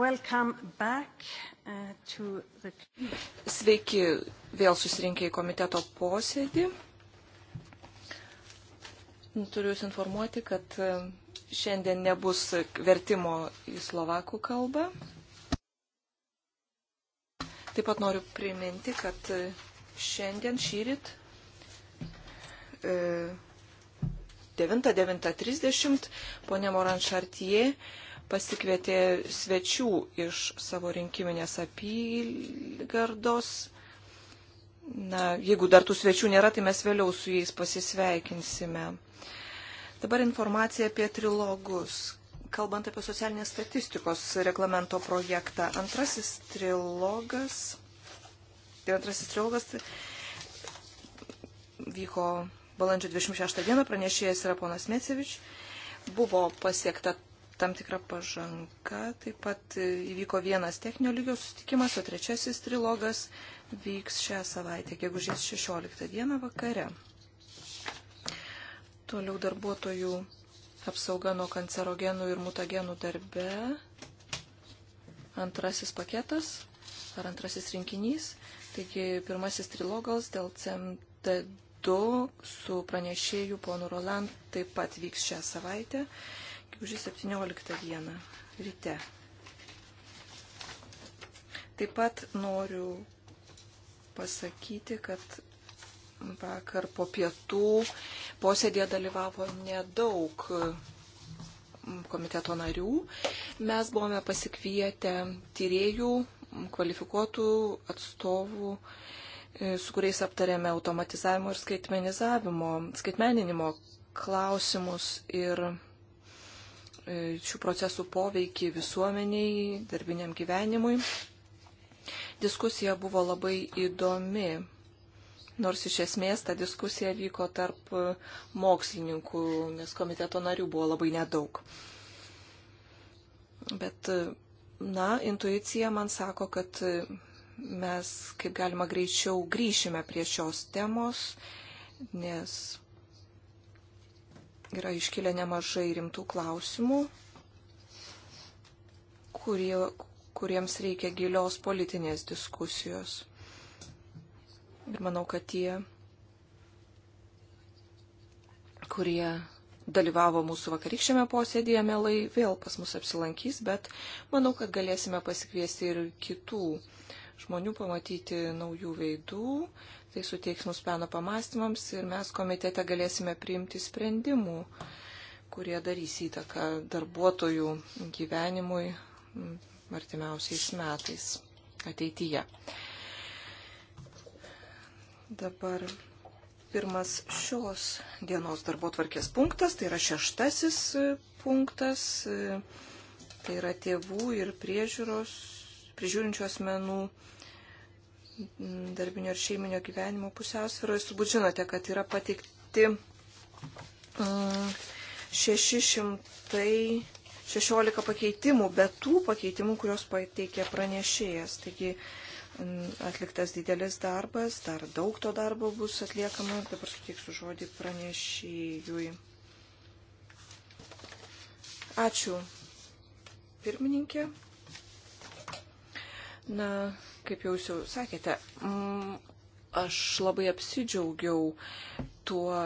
Uh, the... Sveiki vėl susirinkę į komiteto posėdį. Turiu Jūs informuoti, kad uh, šiandien nebus vertimo į slovakų kalbą. Taip pat noriu priminti, kad uh, šiandien šyrit 9.9.30 ponė Moran Šartie pasikvietė svečių iš savo rinkiminės apygardos. Na, jeigu dar tų svečių nėra, tai mes vėliau su jais pasisveikinsime. Dabar informacija apie trilogus. Kalbant apie socialinės statistikos reglamento projektą, antrasis trilogas, tai antrasis trilogas vyko balandžio 26 dieną, pranešėjas yra ponas Mecevič, buvo pasiekta tam tikra pažanga. Taip pat įvyko vienas techninio lygio susitikimas, o trečiasis trilogas vyks šią savaitę, gegužės 16 dieną vakare. Toliau darbuotojų apsauga nuo kancerogenų ir mutagenų darbe. Antrasis paketas ar antrasis rinkinys. Taigi pirmasis trilogas dėl CMT2 su pranešėju ponu Roland taip pat vyks šią savaitę už 17 dieną ryte. Taip pat noriu pasakyti, kad vakar po pietų posėdėje dalyvavo nedaug komiteto narių. Mes buvome pasikvietę tyriejų, kvalifikuotų atstovų, e, su kuriais aptarėme automatizavimo ir skaitmenizavimo, skaitmeninimo klausimus ir E, šių procesų poveikį visuomeniai, darbiniam gyvenimui. Diskusija buvo labai įdomi, nors iš esmės ta diskusija vyko tarp mokslininkų, nes komiteto narių buvo labai nedaug. Bet, na, intuicija man sako, kad mes kaip galima greičiau grįšime prie šios temos, nes yra iškilę nemažai rimtų klausimų, kurie, kuriems reikia gilios politinės diskusijos. Ir manau, kad tie, kurie dalyvavo mūsų vakarykščiame posėdėje, mielai vėl pas mus apsilankys, bet manau, kad galėsime pasikviesti ir kitų žmonių, pamatyti naujų veidų, tai suteiks mums peno pamastymams ir mes komitete galėsime priimti sprendimų, kurie darys įtaką darbuotojų gyvenimui artimiausiais metais ateityje. Dabar pirmas šios dienos darbo tvarkės punktas, tai yra šeštasis punktas, e, tai yra tėvų ir priežiūros prižiūrinčių asmenų darbinio ir šeiminio gyvenimo pusiausvėro. Jūs turbūt žinote, kad yra pateikti 616 mm, pakeitimų, bet tų pakeitimų, kurios pateikė pranešėjas. Taigi mm, atliktas didelis darbas, dar daug to darbo bus atliekama. Dabar suteiksiu žodį pranešėjui. Ačiū. Pirmininkė. Na, kaip jūs jau sakėte, aš labai apsidžiaugiau tuo,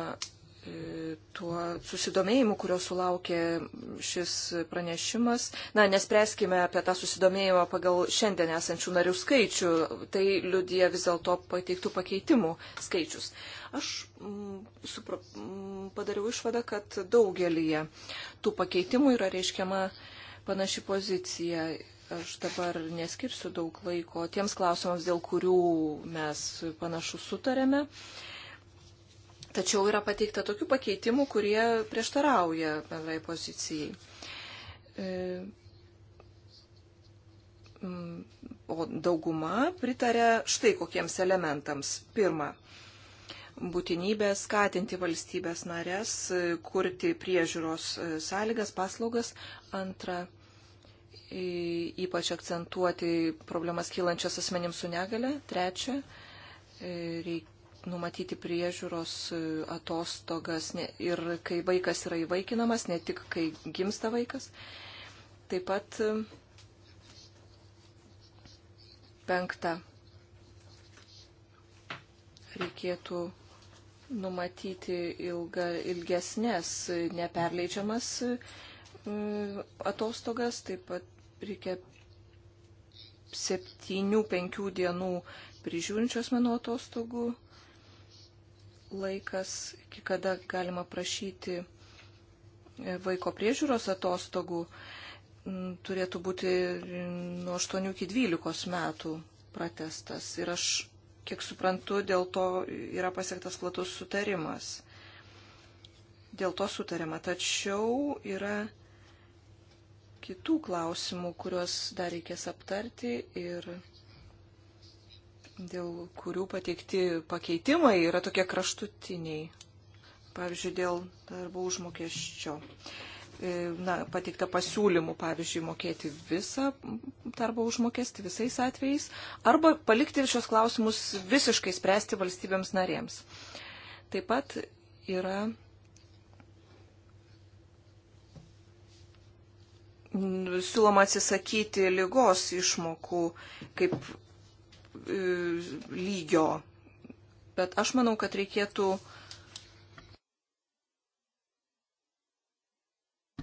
e, tuo susidomėjimu, kurio sulaukė šis pranešimas. Na, nespręskime apie tą susidomėjimą pagal šiandien esančių narių skaičių, tai liudija vis dėlto pateiktų pakeitimų skaičius. Aš supra, padariau išvadą, kad daugelį tų pakeitimų yra reiškiama panaši pozicija Aš dabar neskirsiu daug laiko tiems klausimams, dėl kurių mes panašu sutarėme. Tačiau yra pateikta tokių pakeitimų, kurie prieštarauja bendrai pozicijai. E, mm, o dauguma pritarė štai kokiems elementams. Pirma, būtinybė skatinti valstybės narės, kurti priežiūros e, sąlygas, paslaugas. Antra, ypač akcentuoti problemas kylančias asmenims su negale. Trečia, e, reikia numatyti priežiūros e, atostogas ir kai vaikas yra įvaikinamas, ne tik kai gimsta vaikas. Taip pat e, penkta. Reikėtų numatyti ilga, ilgesnės, neperleidžiamas atostogas, taip pat reikia 7-5 dienų prižiūrinčių asmenų atostogų laikas, iki kada galima prašyti e, vaiko priežiūros atostogų, turėtų būti nuo 8 iki 12 metų pratestas. Ir aš, kiek suprantu, dėl to yra pasiektas platus sutarimas. Dėl to sutarima. Tačiau yra kitų klausimų, kuriuos dar reikės aptarti ir dėl kurių pateikti pakeitimai yra tokie kraštutiniai. Pavyzdžiui, dėl darbo užmokesčio. E, na, pateikta pasiūlymų, pavyzdžiui, mokėti visą darbo užmokestį visais atvejais arba palikti šios klausimus visiškai spręsti valstybėms narėms. Taip pat yra siūloma atsisakyti lygos išmokų kaip e, lygio. Bet aš manau, kad reikėtų.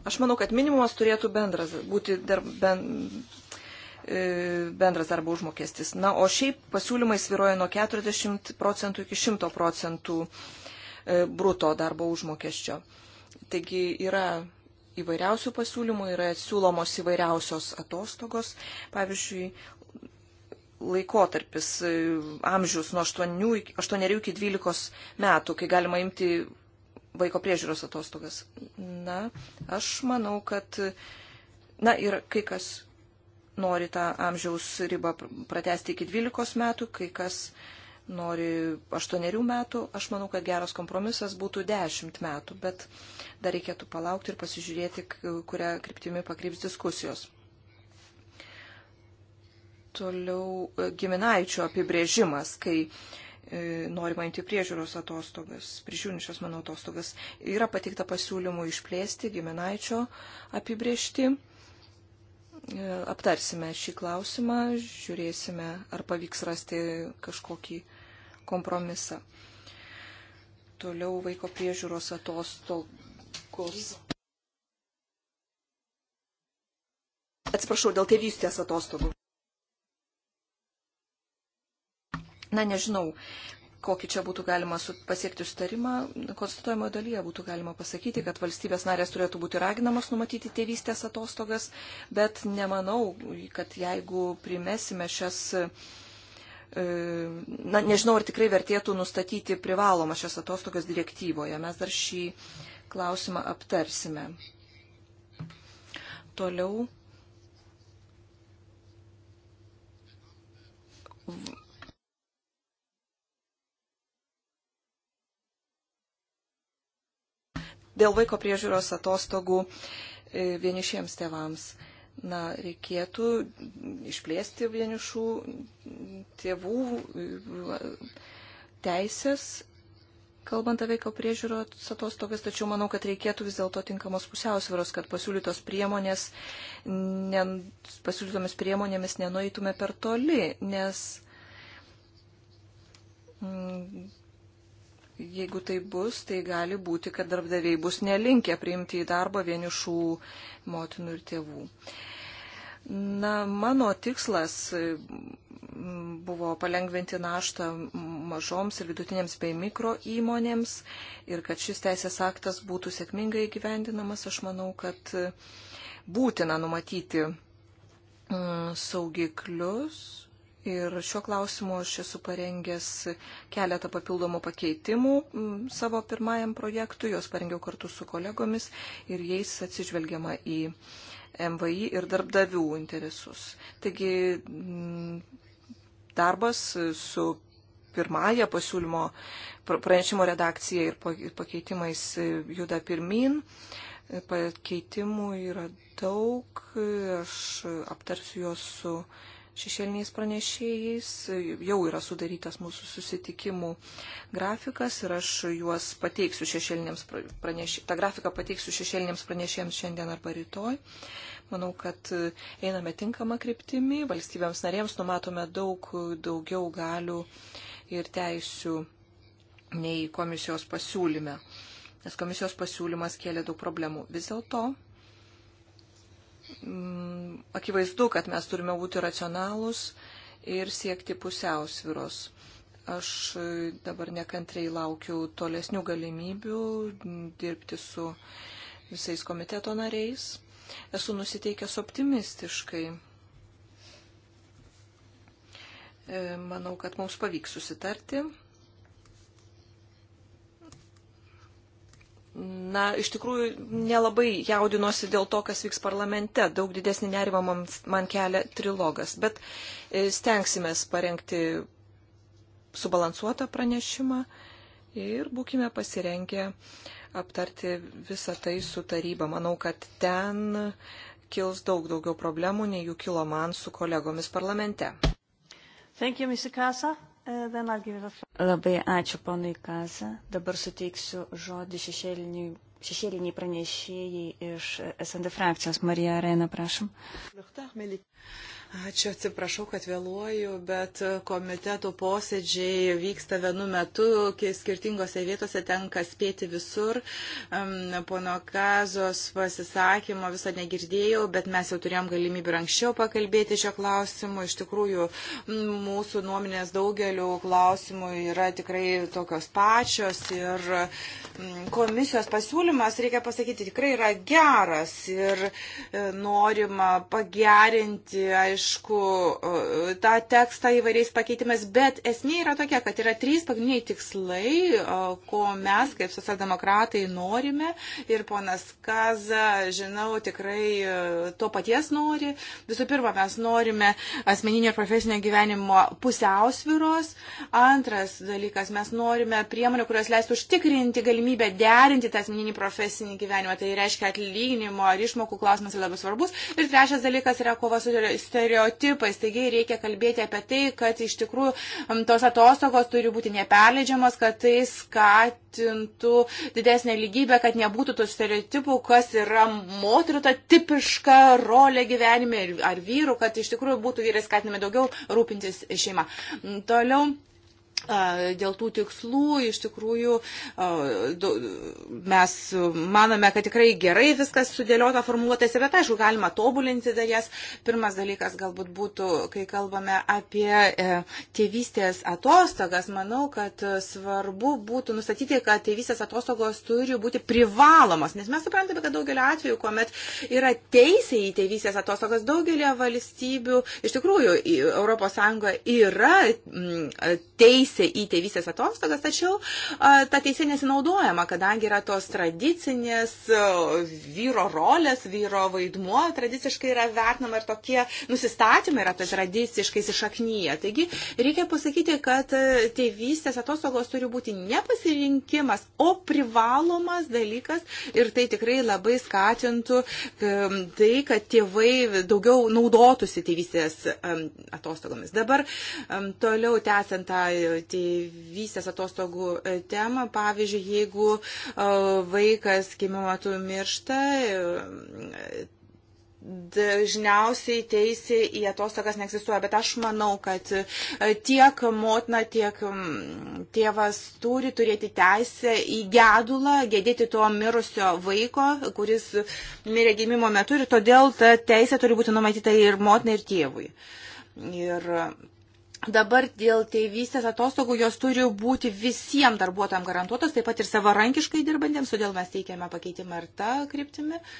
Aš manau, kad minimumas turėtų bendras, būti dar, ben, e, bendras darbo užmokestis. Na, o šiaip pasiūlymai sviruoja nuo 40 procentų iki 100 procentų e, bruto darbo užmokesčio. Taigi yra įvairiausių pasiūlymų, yra siūlomos įvairiausios atostogos. Pavyzdžiui, laikotarpis, e, amžius nuo 8 iki, 8 iki 12 metų, kai galima imti vaiko priežiūros atostogas. Na, aš manau, kad, na ir kai kas nori tą amžiaus ribą pratesti iki 12 metų, kai kas uh, nori aštuonerių metų, aš manau, kad geras kompromisas būtų dešimt metų, bet dar reikėtų palaukti ir pasižiūrėti, kurią kryptimį pakryps diskusijos. Toliau e, giminaičio apibrėžimas, kai e, norima imti priežiūros atostogas, prižiūrinčios mano atostogas, yra patikta pasiūlymų išplėsti giminaičio apibrėžti e, aptarsime šį klausimą, žiūrėsime, ar pavyks rasti kažkokį kompromisą. Toliau vaiko priežiūros atostogos. Atsiprašau, dėl tėvystės atostogų. Na, nežinau, kokį čia būtų galima pasiekti sustarimą, konstatuojamoje dalyje būtų galima pasakyti, kad valstybės narės turėtų būti raginamos numatyti tėvystės atostogas, bet nemanau, kad jeigu primesime šias E, na, nežinau, ar tikrai vertėtų nustatyti privalomą šias atostogas direktyvoje. Mes dar šį klausimą aptarsime. Toliau. Dėl vaiko priežiūros atostogų e, vienišiems tėvams na, reikėtų išplėsti vienišų tėvų teisės, kalbant apie vaiko priežiūros atostogas, tačiau manau, kad reikėtų vis dėlto tinkamos pusiausvėros, kad pasiūlytos priemonės, ne, pasiūlytomis priemonėmis nenueitume per toli, nes. Mm, Jeigu tai bus, tai gali būti, kad darbdaviai bus nelinkę priimti į darbą vienišų motinų ir tėvų. Na, mano tikslas buvo palengventi naštą mažoms ir vidutinėms bei mikro įmonėms ir kad šis teisės aktas būtų sėkmingai įgyvendinamas, aš manau, kad būtina numatyti saugiklius Ir šiuo klausimu aš esu parengęs keletą papildomų pakeitimų mm, savo pirmajam projektui, juos parengiau kartu su kolegomis ir jais atsižvelgiama į MVI ir darbdavių interesus. Taigi mm, darbas su pirmąją pasiūlymo pranešimo redakcija ir pakeitimais juda pirmin. Pakeitimų yra daug, aš aptarsiu juos su šešėliniais pranešėjais. Jau yra sudarytas mūsų susitikimų grafikas ir aš juos pateiksiu šešėliniams pranešėjams. Ta grafiką pateiksiu šešėliniams pranešėjams šiandien arba rytoj. Manau, kad e, einame tinkamą kryptimį. Valstybėms narėms numatome daug daugiau galių ir teisių nei komisijos pasiūlyme. Nes komisijos pasiūlymas kėlė daug problemų. Vis dėlto Mm, akivaizdu, kad mes turime būti racionalūs ir siekti pusiausviros. Aš dabar nekantriai laukiu tolesnių galimybių dirbti su visais komiteto nariais. Esu nusiteikęs optimistiškai. E, manau, kad mums pavyks susitarti na, iš tikrųjų nelabai jaudinosi dėl to, kas vyks parlamente. Daug didesnį nerimą man, man kelia trilogas. Bet e, stengsime parengti subalansuotą pranešimą ir būkime pasirengę aptarti visą tai su taryba. Manau, kad ten kils daug daugiau problemų, nei jų kilo man su kolegomis parlamente. Thank you, Mr. Kasa. Labai ačiū ponui Kaza. Dabar suteiksiu žodį šešėliniai, šešėliniai pranešėjai iš SND frakcijos. Marija Reina, prašom. Ačiū, atsiprašau, kad vėluoju, bet komiteto posėdžiai vyksta vienu metu, skirtingose vietose tenka spėti visur. Pono Kazos pasisakymo visą negirdėjau, bet mes jau turėjom galimybę anksčiau pakalbėti šio klausimu. Iš tikrųjų, mūsų nuomonės daugeliu klausimų yra tikrai tokios pačios ir komisijos pasiūlymas, reikia pasakyti, tikrai yra geras ir e, norima pagerinti, aišku, aišku, tą tekstą įvairiais pakeitimais, bet esmė yra tokia, kad yra trys pagrindiniai tikslai, ko mes kaip socialdemokratai norime ir ponas Kaza, žinau, tikrai e, to paties nori. Visų pirma, mes norime asmeninio ir profesinio gyvenimo pusiausviros. Antras dalykas, mes norime priemonių, kurios leistų užtikrinti galimybę derinti tą asmeninį profesinį gyvenimą. Tai reiškia atlyginimo ar išmokų klausimas yra labai svarbus. Ir trečias dalykas yra kova su stereotipais stereotipais. Taigi reikia kalbėti apie tai, kad iš tikrųjų tos atostogos turi būti neperleidžiamas, kad tai skatintų didesnę lygybę, kad nebūtų tų stereotipų, kas yra moterų ta tipiška rolė gyvenime ar vyrų, kad iš tikrųjų būtų vyrai skatinami daugiau rūpintis šeima. Toliau Dėl tų tikslų iš tikrųjų mes manome, kad tikrai gerai viskas sudėliota formuluotėse, bet aišku, galima tobulinti dar jas. Pirmas dalykas galbūt būtų, kai kalbame apie e, tėvystės atostogas, manau, kad svarbu būtų nustatyti, kad tėvystės atostogos turi būti privalomas, nes mes suprantame, kad daugelio atveju, kuomet yra teisė į tėvystės atostogas daugelio valstybių, iš tikrųjų ES yra teisė teisė į tėvysės atostogas, tačiau ta teisė nesinaudojama, kadangi yra tos tradicinės vyro rolės, vyro vaidmuo, tradiciškai yra vertinama ir tokie nusistatymai yra tradiciškai įsišaknyje. Taigi reikia pasakyti, kad tėvystės atostogos turi būti ne pasirinkimas, o privalomas dalykas ir tai tikrai labai skatintų tai, kad tėvai daugiau naudotųsi tėvystės atostogomis. Dabar toliau tęsiant tą tėvystės atostogų e, temą. Pavyzdžiui, jeigu e, vaikas gimimo metu miršta, e, dažniausiai teisė į atostogas neegzistuoja, bet aš manau, kad tiek motina, tiek tėvas turi turėti teisę į gedulą, gedėti to mirusio vaiko, kuris mirė gimimo metu ir todėl ta teisė turi būti numatyta ir motinai, ir tėvui. Ir Dabar dėl tėvystės atostogų jos turi būti visiems darbuotojams garantuotos, taip pat ir savarankiškai dirbantiems, todėl mes teikiame pakeitimą ir tą kryptimį. Uh,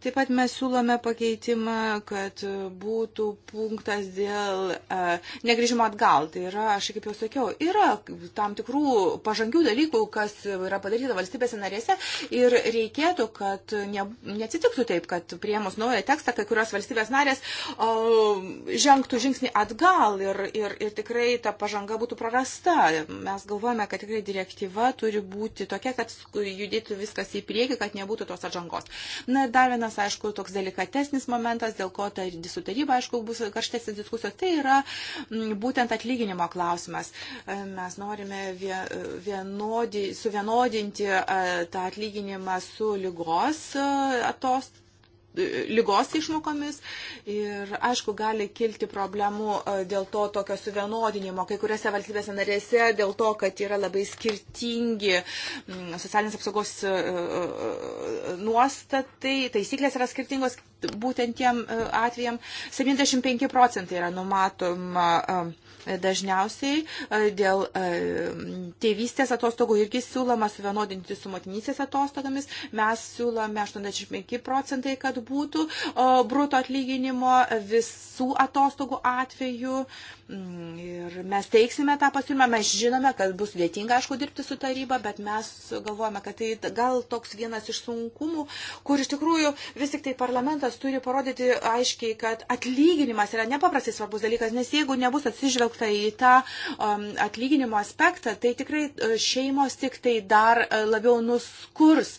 Taip pat mes siūlome pakeitimą, kad būtų punktas dėl e, negrįžimo atgal. Tai yra, aš kaip jau sakiau, yra tam tikrų pažangių dalykų, kas yra padaryta valstybėse narėse ir reikėtų, kad ne, neatsitiktų taip, kad priemus naują tekstą, kai kurios valstybės narės o, žengtų žingsnį atgal ir, ir, ir tikrai ta pažanga būtų prarasta. Mes galvojame, kad tikrai direktyva turi būti tokia, kad judėtų viskas į priekį, kad nebūtų tos atžangos. Na, dar vienas klausimas, aišku, toks delikatesnis momentas, dėl ko ta su taryba, aišku, bus karštesnis diskusijos, tai yra mm, būtent atlyginimo klausimas. E, mes norime vienodi, suvienodinti e, tą atlyginimą su lygos e, atostogų lygos išmokomis ir aišku gali kilti problemų e, dėl to tokio suvienodinimo kai kuriuose valstybėse narėse dėl to, kad yra labai skirtingi mm, socialinės apsaugos e, e, nuostatai, taisyklės yra skirtingos, būtent tiem e, atvejam 75 procentai yra numatoma e, dažniausiai e, dėl tėvystės atostogų irgi siūloma suvienodinti su motinysės atostogomis. Mes siūlome 85 procentai, kad būtų bruto atlyginimo visų atostogų atveju. Mm, ir mes teiksime tą pasiūlymą. Mes žinome, kad bus sudėtinga, aišku, dirbti su taryba, bet mes galvojame, kad tai gal toks vienas iš sunkumų, kur iš tikrųjų vis tik tai parlamentas parlamentas turi parodyti aiškiai, kad atlyginimas yra nepaprastai svarbus dalykas, nes jeigu nebus atsižvelgta į tą um, atlyginimo aspektą, tai tikrai uh, šeimos tik tai dar uh, labiau nuskurs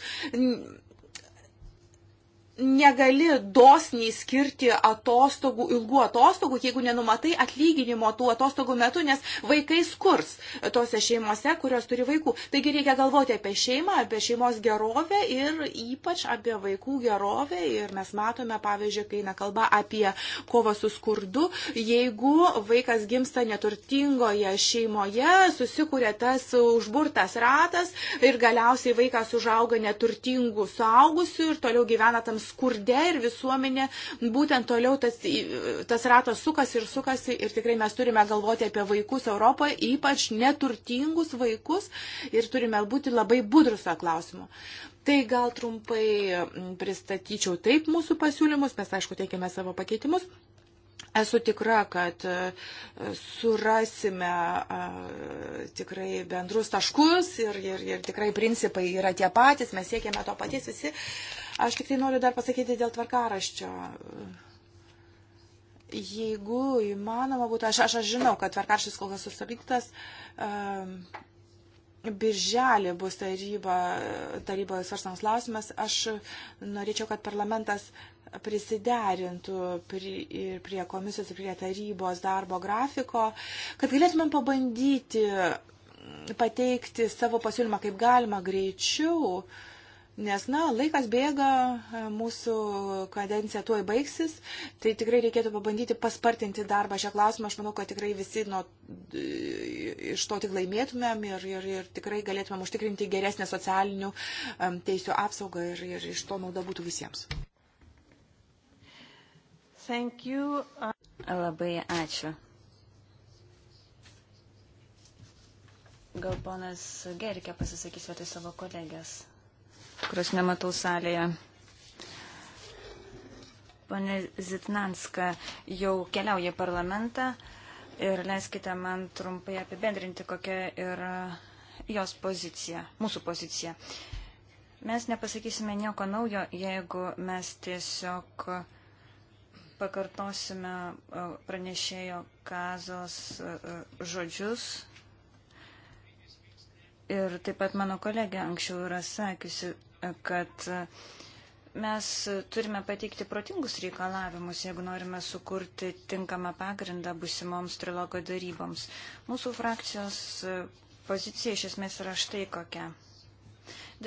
negali dosniai skirti atostogų, ilgų atostogų, jeigu nenumatai atlyginimo tų atostogų metu, nes vaikai skurs tose šeimose, kurios turi vaikų. Taigi reikia galvoti apie šeimą, apie šeimos gerovę ir ypač apie vaikų gerovę. Ir mes matome, pavyzdžiui, kai eina kalba apie kovą su skurdu, jeigu vaikas gimsta neturtingoje šeimoje, susikūrė tas užburtas ratas ir galiausiai vaikas užauga neturtingų suaugusių ir toliau gyvena tam skurde ir visuomenė, būtent toliau tas, tas ratas sukasi ir sukasi ir tikrai mes turime galvoti apie vaikus Europoje, ypač neturtingus vaikus ir turime būti labai budrus tą klausimu. Tai gal trumpai pristatyčiau taip mūsų pasiūlymus, mes aišku teikėme savo pakeitimus. Esu tikra, kad e, surasime e, tikrai bendrus taškus ir, ir, ir tikrai principai yra tie patys, mes siekiame to paties visi. Aš tik tai noriu dar pasakyti dėl tvarkaraščio jeigu įmanoma būtų, aš, aš, aš žinau, kad tvarkaršys kol kas sustabdytas, um, birželį bus taryba, taryboje svarstamas klausimas, aš norėčiau, kad parlamentas prisiderintų prie, prie komisijos ir prie tarybos darbo grafiko, kad galėtumėm pabandyti pateikti savo pasiūlymą kaip galima greičiau. Uh, Nes, na, laikas bėga, e, mūsų kadencija tuoj baigsis, tai tikrai reikėtų pabandyti paspartinti darbą šią klausimą. Aš manau, kad tikrai visi nuo, iš to tik laimėtumėm ir, ir, ir tikrai galėtumėm užtikrinti geresnę socialinių teisų apsaugą ir, ir iš to nauda būtų visiems. Thank you. Labai ačiū. Gal ponas Gerikė pasisakys vietoj savo kolegės kurios nematau salėje. Pane Zitnanska jau keliauja į parlamentą ir leiskite man trumpai apibendrinti, kokia yra jos pozicija, mūsų pozicija. Mes nepasakysime nieko naujo, jeigu mes tiesiog pakartosime uh, pranešėjo kazos uh, žodžius Ir taip pat mano kolegė anksčiau yra sakiusi, kad mes turime pateikti protingus reikalavimus, jeigu norime sukurti tinkamą pagrindą busimoms trilogo daryboms. Mūsų frakcijos pozicija iš esmės yra štai kokia.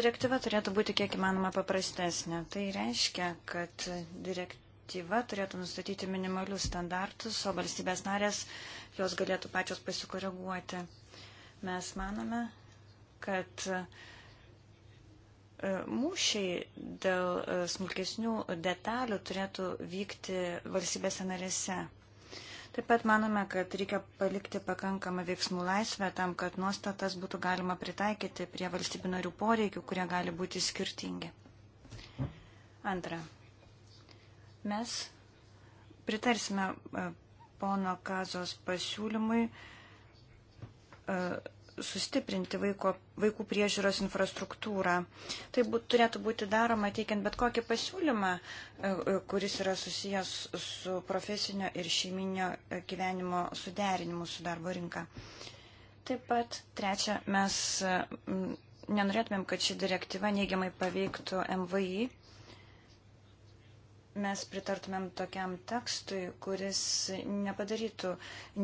Direktyva turėtų būti kiek įmanoma paprastesnė. Tai reiškia, kad direktyva turėtų nustatyti minimalius standartus, o valstybės narės jos galėtų pačios pasikoreguoti. Mes manome, kad e, mūšiai dėl e, smulkesnių detalių turėtų vykti valstybėse narėse. Taip pat manome, kad reikia palikti pakankamą veiksmų laisvę tam, kad nuostatas būtų galima pritaikyti prie valstybių narių poreikių, kurie gali būti skirtingi. Antra. Mes pritarsime e, pono Kazos pasiūlymui sustiprinti vaiko, vaikų priežiūros infrastruktūrą. Tai būt, turėtų būti daroma teikiant bet kokį pasiūlymą, e, e, kuris yra susijęs su profesinio ir šeiminio e, gyvenimo suderinimu su darbo rinka. Taip pat, trečia, mes nenorėtumėm, kad ši direktyva neigiamai paveiktų MVI mes pritartumėm tokiam tekstui, kuris nepadarytų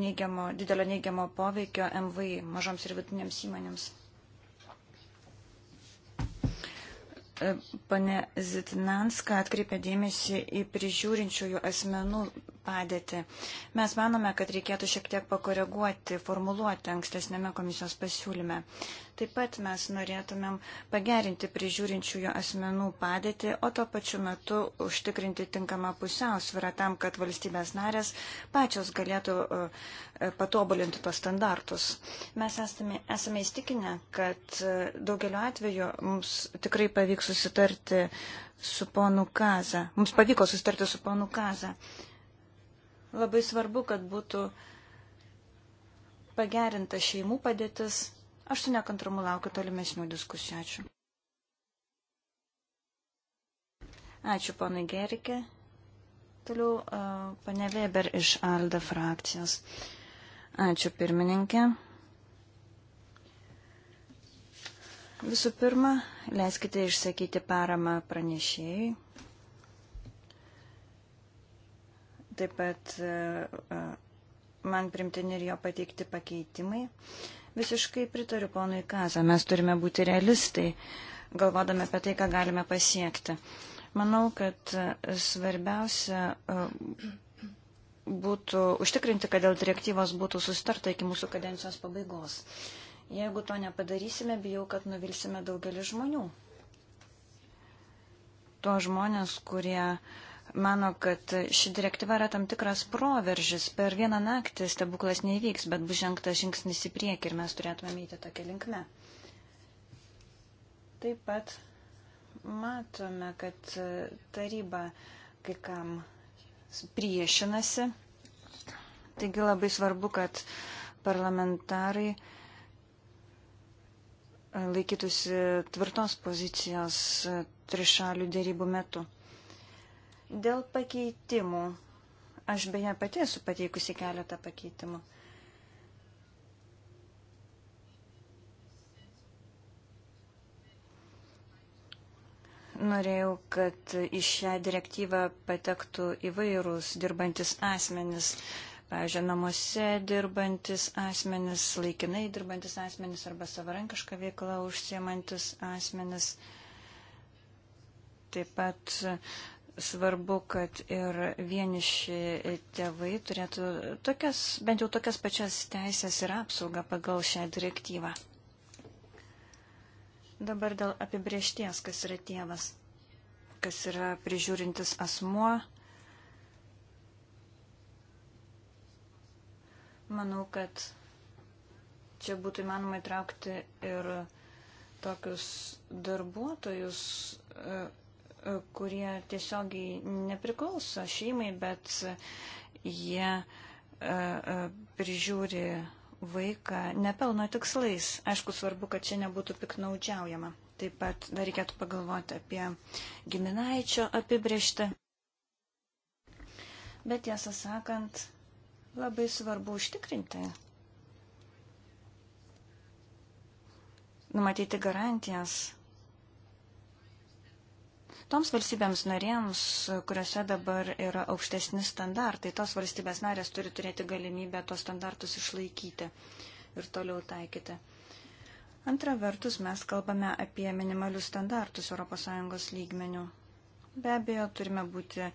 neigiamo, didelio neigiamo poveikio MVI mažoms ir vidutinėms įmonėms. E, pane Zitnanska atkreipė dėmesį į prižiūrinčiųjų asmenų padėtį. Mes manome, kad reikėtų šiek tiek pakoreguoti formuluotę ankstesnėme komisijos pasiūlyme. Taip pat mes norėtumėm pagerinti prižiūrinčiųjų asmenų padėtį, o tuo pačiu metu užtikrinti tinkamą pusiausvyrą tam, kad valstybės narės pačios galėtų e, patobulinti tos standartus. Mes esame, esame įstikinę, kad e, daugeliu atveju mums tikrai pavyks susitarti su ponu Kaza. Mums pavyko susitarti su ponu Kaza. Labai svarbu, kad būtų pagerinta šeimų padėtis. Aš su nekantrumu laukiu tolimesnių diskusijų. Ačiū. Ačiū, ponai Gerikė. Toliau, pane Weber iš Alda frakcijos. Ačiū, pirmininkė. Visų pirma, leiskite išsakyti paramą pranešėjai. taip pat e, e, man primtini ir jo pateikti pakeitimai. Visiškai pritariu ponui Kazą, mes turime būti realistai, galvodami apie tai, ką galime pasiekti. Manau, kad e, svarbiausia būtų užtikrinti, kad dėl direktyvos būtų sustarta iki mūsų kadencijos pabaigos. Jeigu to nepadarysime, bijau, kad nuvilsime daugelį žmonių. Tuo žmonės, kurie uh, mano, kad ši direktyva yra tam tikras proveržis. Per vieną naktį stebuklas nevyks, bet bus žengtas žingsnis į priekį ir mes turėtume eiti tokią linkmę. Taip pat matome, kad taryba kai kam priešinasi. Taigi labai svarbu, kad parlamentarai laikytųsi tvirtos pozicijos trišalių dėrybų metu. Dėl pakeitimų. Aš beje pati esu pateikusi keletą pakeitimų. norėjau, kad į šią direktyvą patektų įvairūs dirbantis asmenis. Pavyzdžiui, namuose dirbantis asmenis, laikinai dirbantis asmenis arba savarankišką veiklą užsiemantis asmenis. Taip pat svarbu, kad ir vieniši tėvai turėtų tokias, bent jau tokias pačias teisės ir apsaugą pagal šią direktyvą. Dabar dėl apibriešties, kas yra tėvas, kas yra prižiūrintis asmuo. Manau, kad čia būtų įmanoma įtraukti ir tokius darbuotojus, kurie tiesiogiai nepriklauso šeimai, bet jie e, e, prižiūri vaiką nepelno tikslais. Aišku, svarbu, kad čia nebūtų piknaudžiaujama. Taip pat dar reikėtų pagalvoti apie giminaičio apibriežtį. Bet tiesą sakant, labai svarbu užtikrinti. Numatyti garantijas Toms valstybėms narėms, kuriuose dabar yra aukštesni standartai, tos valstybės narės turi turėti galimybę tos standartus išlaikyti ir toliau taikyti. Antra vertus, mes kalbame apie minimalius standartus ES lygmenių. Be abejo, turime būti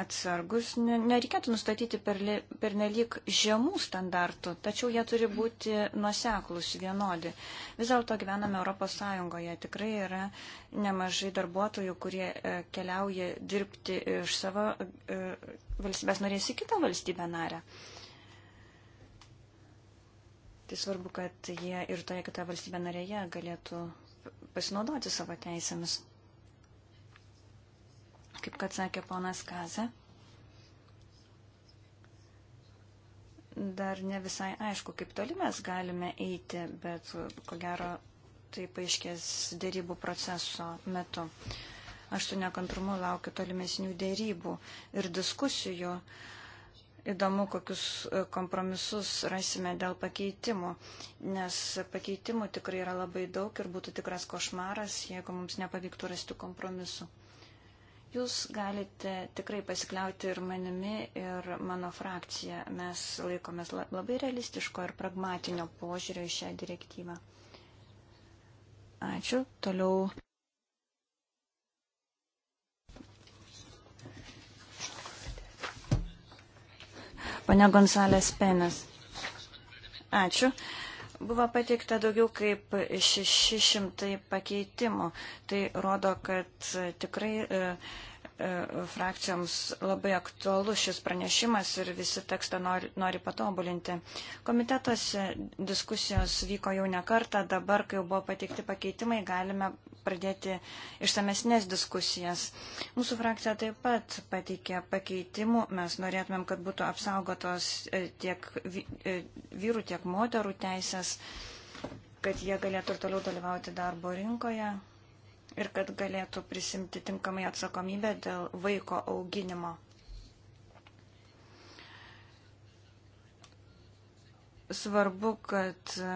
atsargus. Nereikėtų nustatyti pernelyg per žemų standartų, tačiau jie turi būti nuoseklus, vienodi. Vis dėlto gyvename Europos Sąjungoje. Tikrai yra nemažai darbuotojų, kurie e, keliauja dirbti iš savo e, valstybės norės į kitą valstybę narę. Tai svarbu, kad jie ir toje kitoje valstybė narėje galėtų pasinaudoti savo teisėmis kaip kad sakė ponas Kaza. Dar ne visai aišku, kaip toli mes galime eiti, bet ko gero tai paaiškės dėrybų proceso metu. Aš su nekantrumu laukiu tolimesnių dėrybų ir diskusijų. Įdomu, kokius e, kompromisus rasime dėl pakeitimų, nes pakeitimų tikrai yra labai daug ir būtų tikras košmaras, jeigu mums nepavyktų rasti kompromisu. Jūs galite tikrai pasikliauti ir manimi, ir mano frakcija. Mes laikomės labai realistiško ir pragmatinio požiūrio į šią direktyvą. Ačiū. Toliau. Pane Gonsalės Penas. Ačiū. Buvo pateikta daugiau kaip 600 pakeitimų. Tai rodo, kad tikrai e, E, frakcijoms labai aktualus šis pranešimas ir visi tekstą nori, nori patobulinti. Komitetuose diskusijos vyko jau ne kartą, dabar, kai jau buvo pateikti pakeitimai, galime pradėti išsamesnės diskusijas. Mūsų frakcija taip pat pateikė pakeitimų, mes norėtumėm, kad būtų apsaugotos e, tiek e, vyrų, tiek moterų teisės, kad jie galėtų ir toliau dalyvauti darbo rinkoje ir kad galėtų prisimti tinkamai atsakomybę dėl vaiko auginimo. Svarbu, kad e,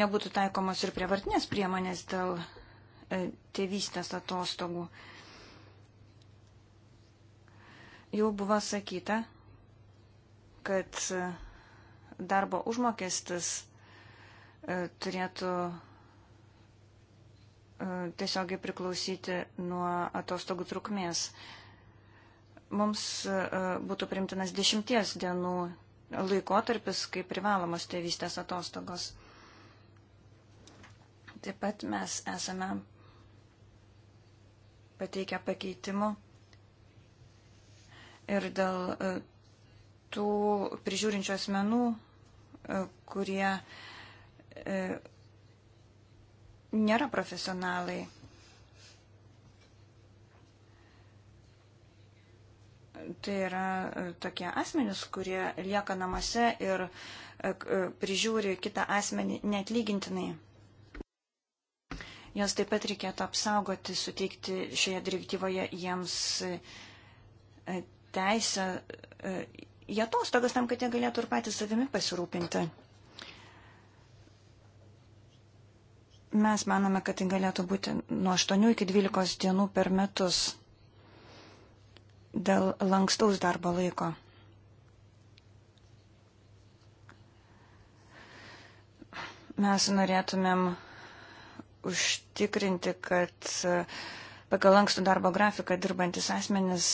nebūtų taikomos ir prievartinės priemonės dėl e, tėvystės atostogų. Jau buvo sakyta, kad e, darbo užmokestis E, turėtų e, tiesiogiai priklausyti nuo atostogų trukmės. Mums e, būtų primtinas dešimties dienų laikotarpis, kai privalomos tėvystės atostogos. Taip pat mes esame pateikę pakeitimų ir dėl tų prižiūrinčių asmenų, kurie uh, E, nėra profesionalai. Tai yra e, tokie asmenys, kurie lieka namuose ir e, prižiūri kitą asmenį netlygintinai. Jos taip pat reikėtų apsaugoti, suteikti šioje direktyvoje jiems teisę į atostogas tam, kad jie galėtų ir patys savimi pasirūpinti. Mes manome, kad tai galėtų būti nuo 8 iki 12 dienų per metus dėl lankstaus darbo laiko. Mes norėtumėm užtikrinti, kad pagal lankstų darbo grafiką dirbantis asmenis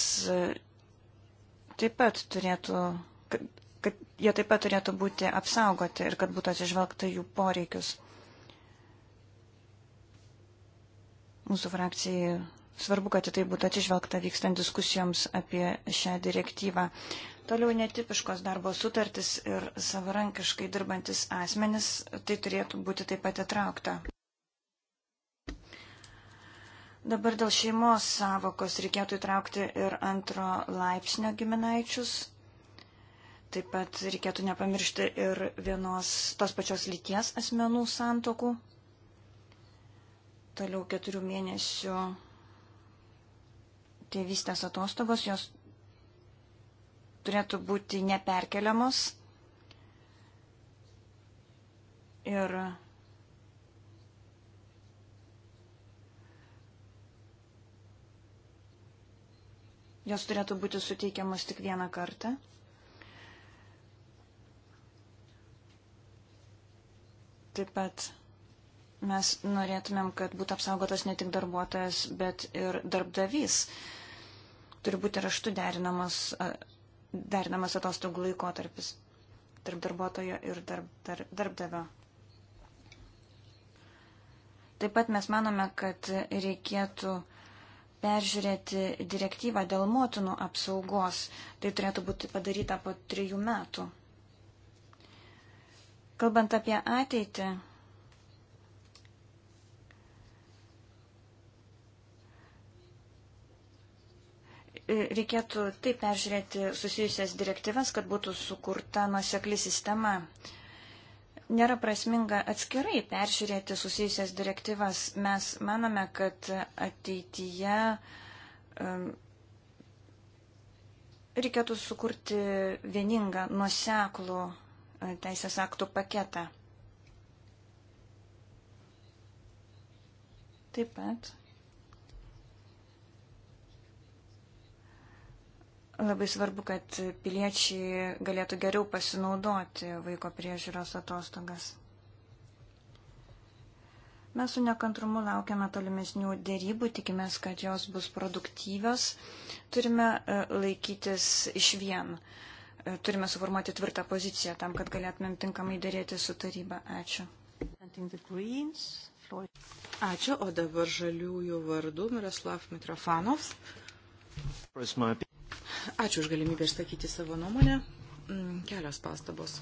taip pat turėtų, kad, kad jie taip pat turėtų būti apsaugoti ir kad būtų atsižvelgta jų poreikius. Mūsų frakcijai svarbu, kad į tai būtų atsižvelgta vykstant diskusijoms apie šią direktyvą. Toliau netipiškos darbo sutartis ir savarankiškai dirbantis asmenis, tai turėtų būti taip pat įtraukta. Dabar dėl šeimos savokos reikėtų įtraukti ir antro laipsnio giminaičius. Taip pat reikėtų nepamiršti ir vienos tos pačios lyties asmenų santokų. Toliau keturių mėnesių tėvystės atostogos, jos turėtų būti neperkeliamos. Ir jos turėtų būti suteikiamos tik vieną kartą. Taip pat Mes norėtumėm, kad būtų apsaugotas ne tik darbuotojas, bet ir darbdavys. Turi būti raštu derinamas, derinamas atostogų laikotarpis tarp darbuotojo ir darb, dar, darbdavio. Taip pat mes manome, kad reikėtų peržiūrėti direktyvą dėl motinų apsaugos. Tai turėtų būti padaryta po trijų metų. Kalbant apie ateitį, Reikėtų taip peržiūrėti susijusias direktyvas, kad būtų sukurta nuosekli sistema. Nėra prasminga atskirai peržiūrėti susijusias direktyvas. Mes manome, kad ateityje um, reikėtų sukurti vieningą nuoseklų e, teisės aktų paketą. Taip pat Labai svarbu, kad piliečiai galėtų geriau pasinaudoti vaiko priežiūros atostogas. Mes su nekantrumu laukiame tolimesnių dėrybų, tikimės, kad jos bus produktyvios. Turime e, laikytis iš vien. E, turime suformuoti tvirtą poziciją tam, kad galėtumėm tinkamai dėrėti su taryba. Ačiū. Ačiū, o dabar žaliųjų vardų Miroslav Mitrofanov. Ačiū už galimybę išsakyti savo nuomonę. Mm, kelios pastabos.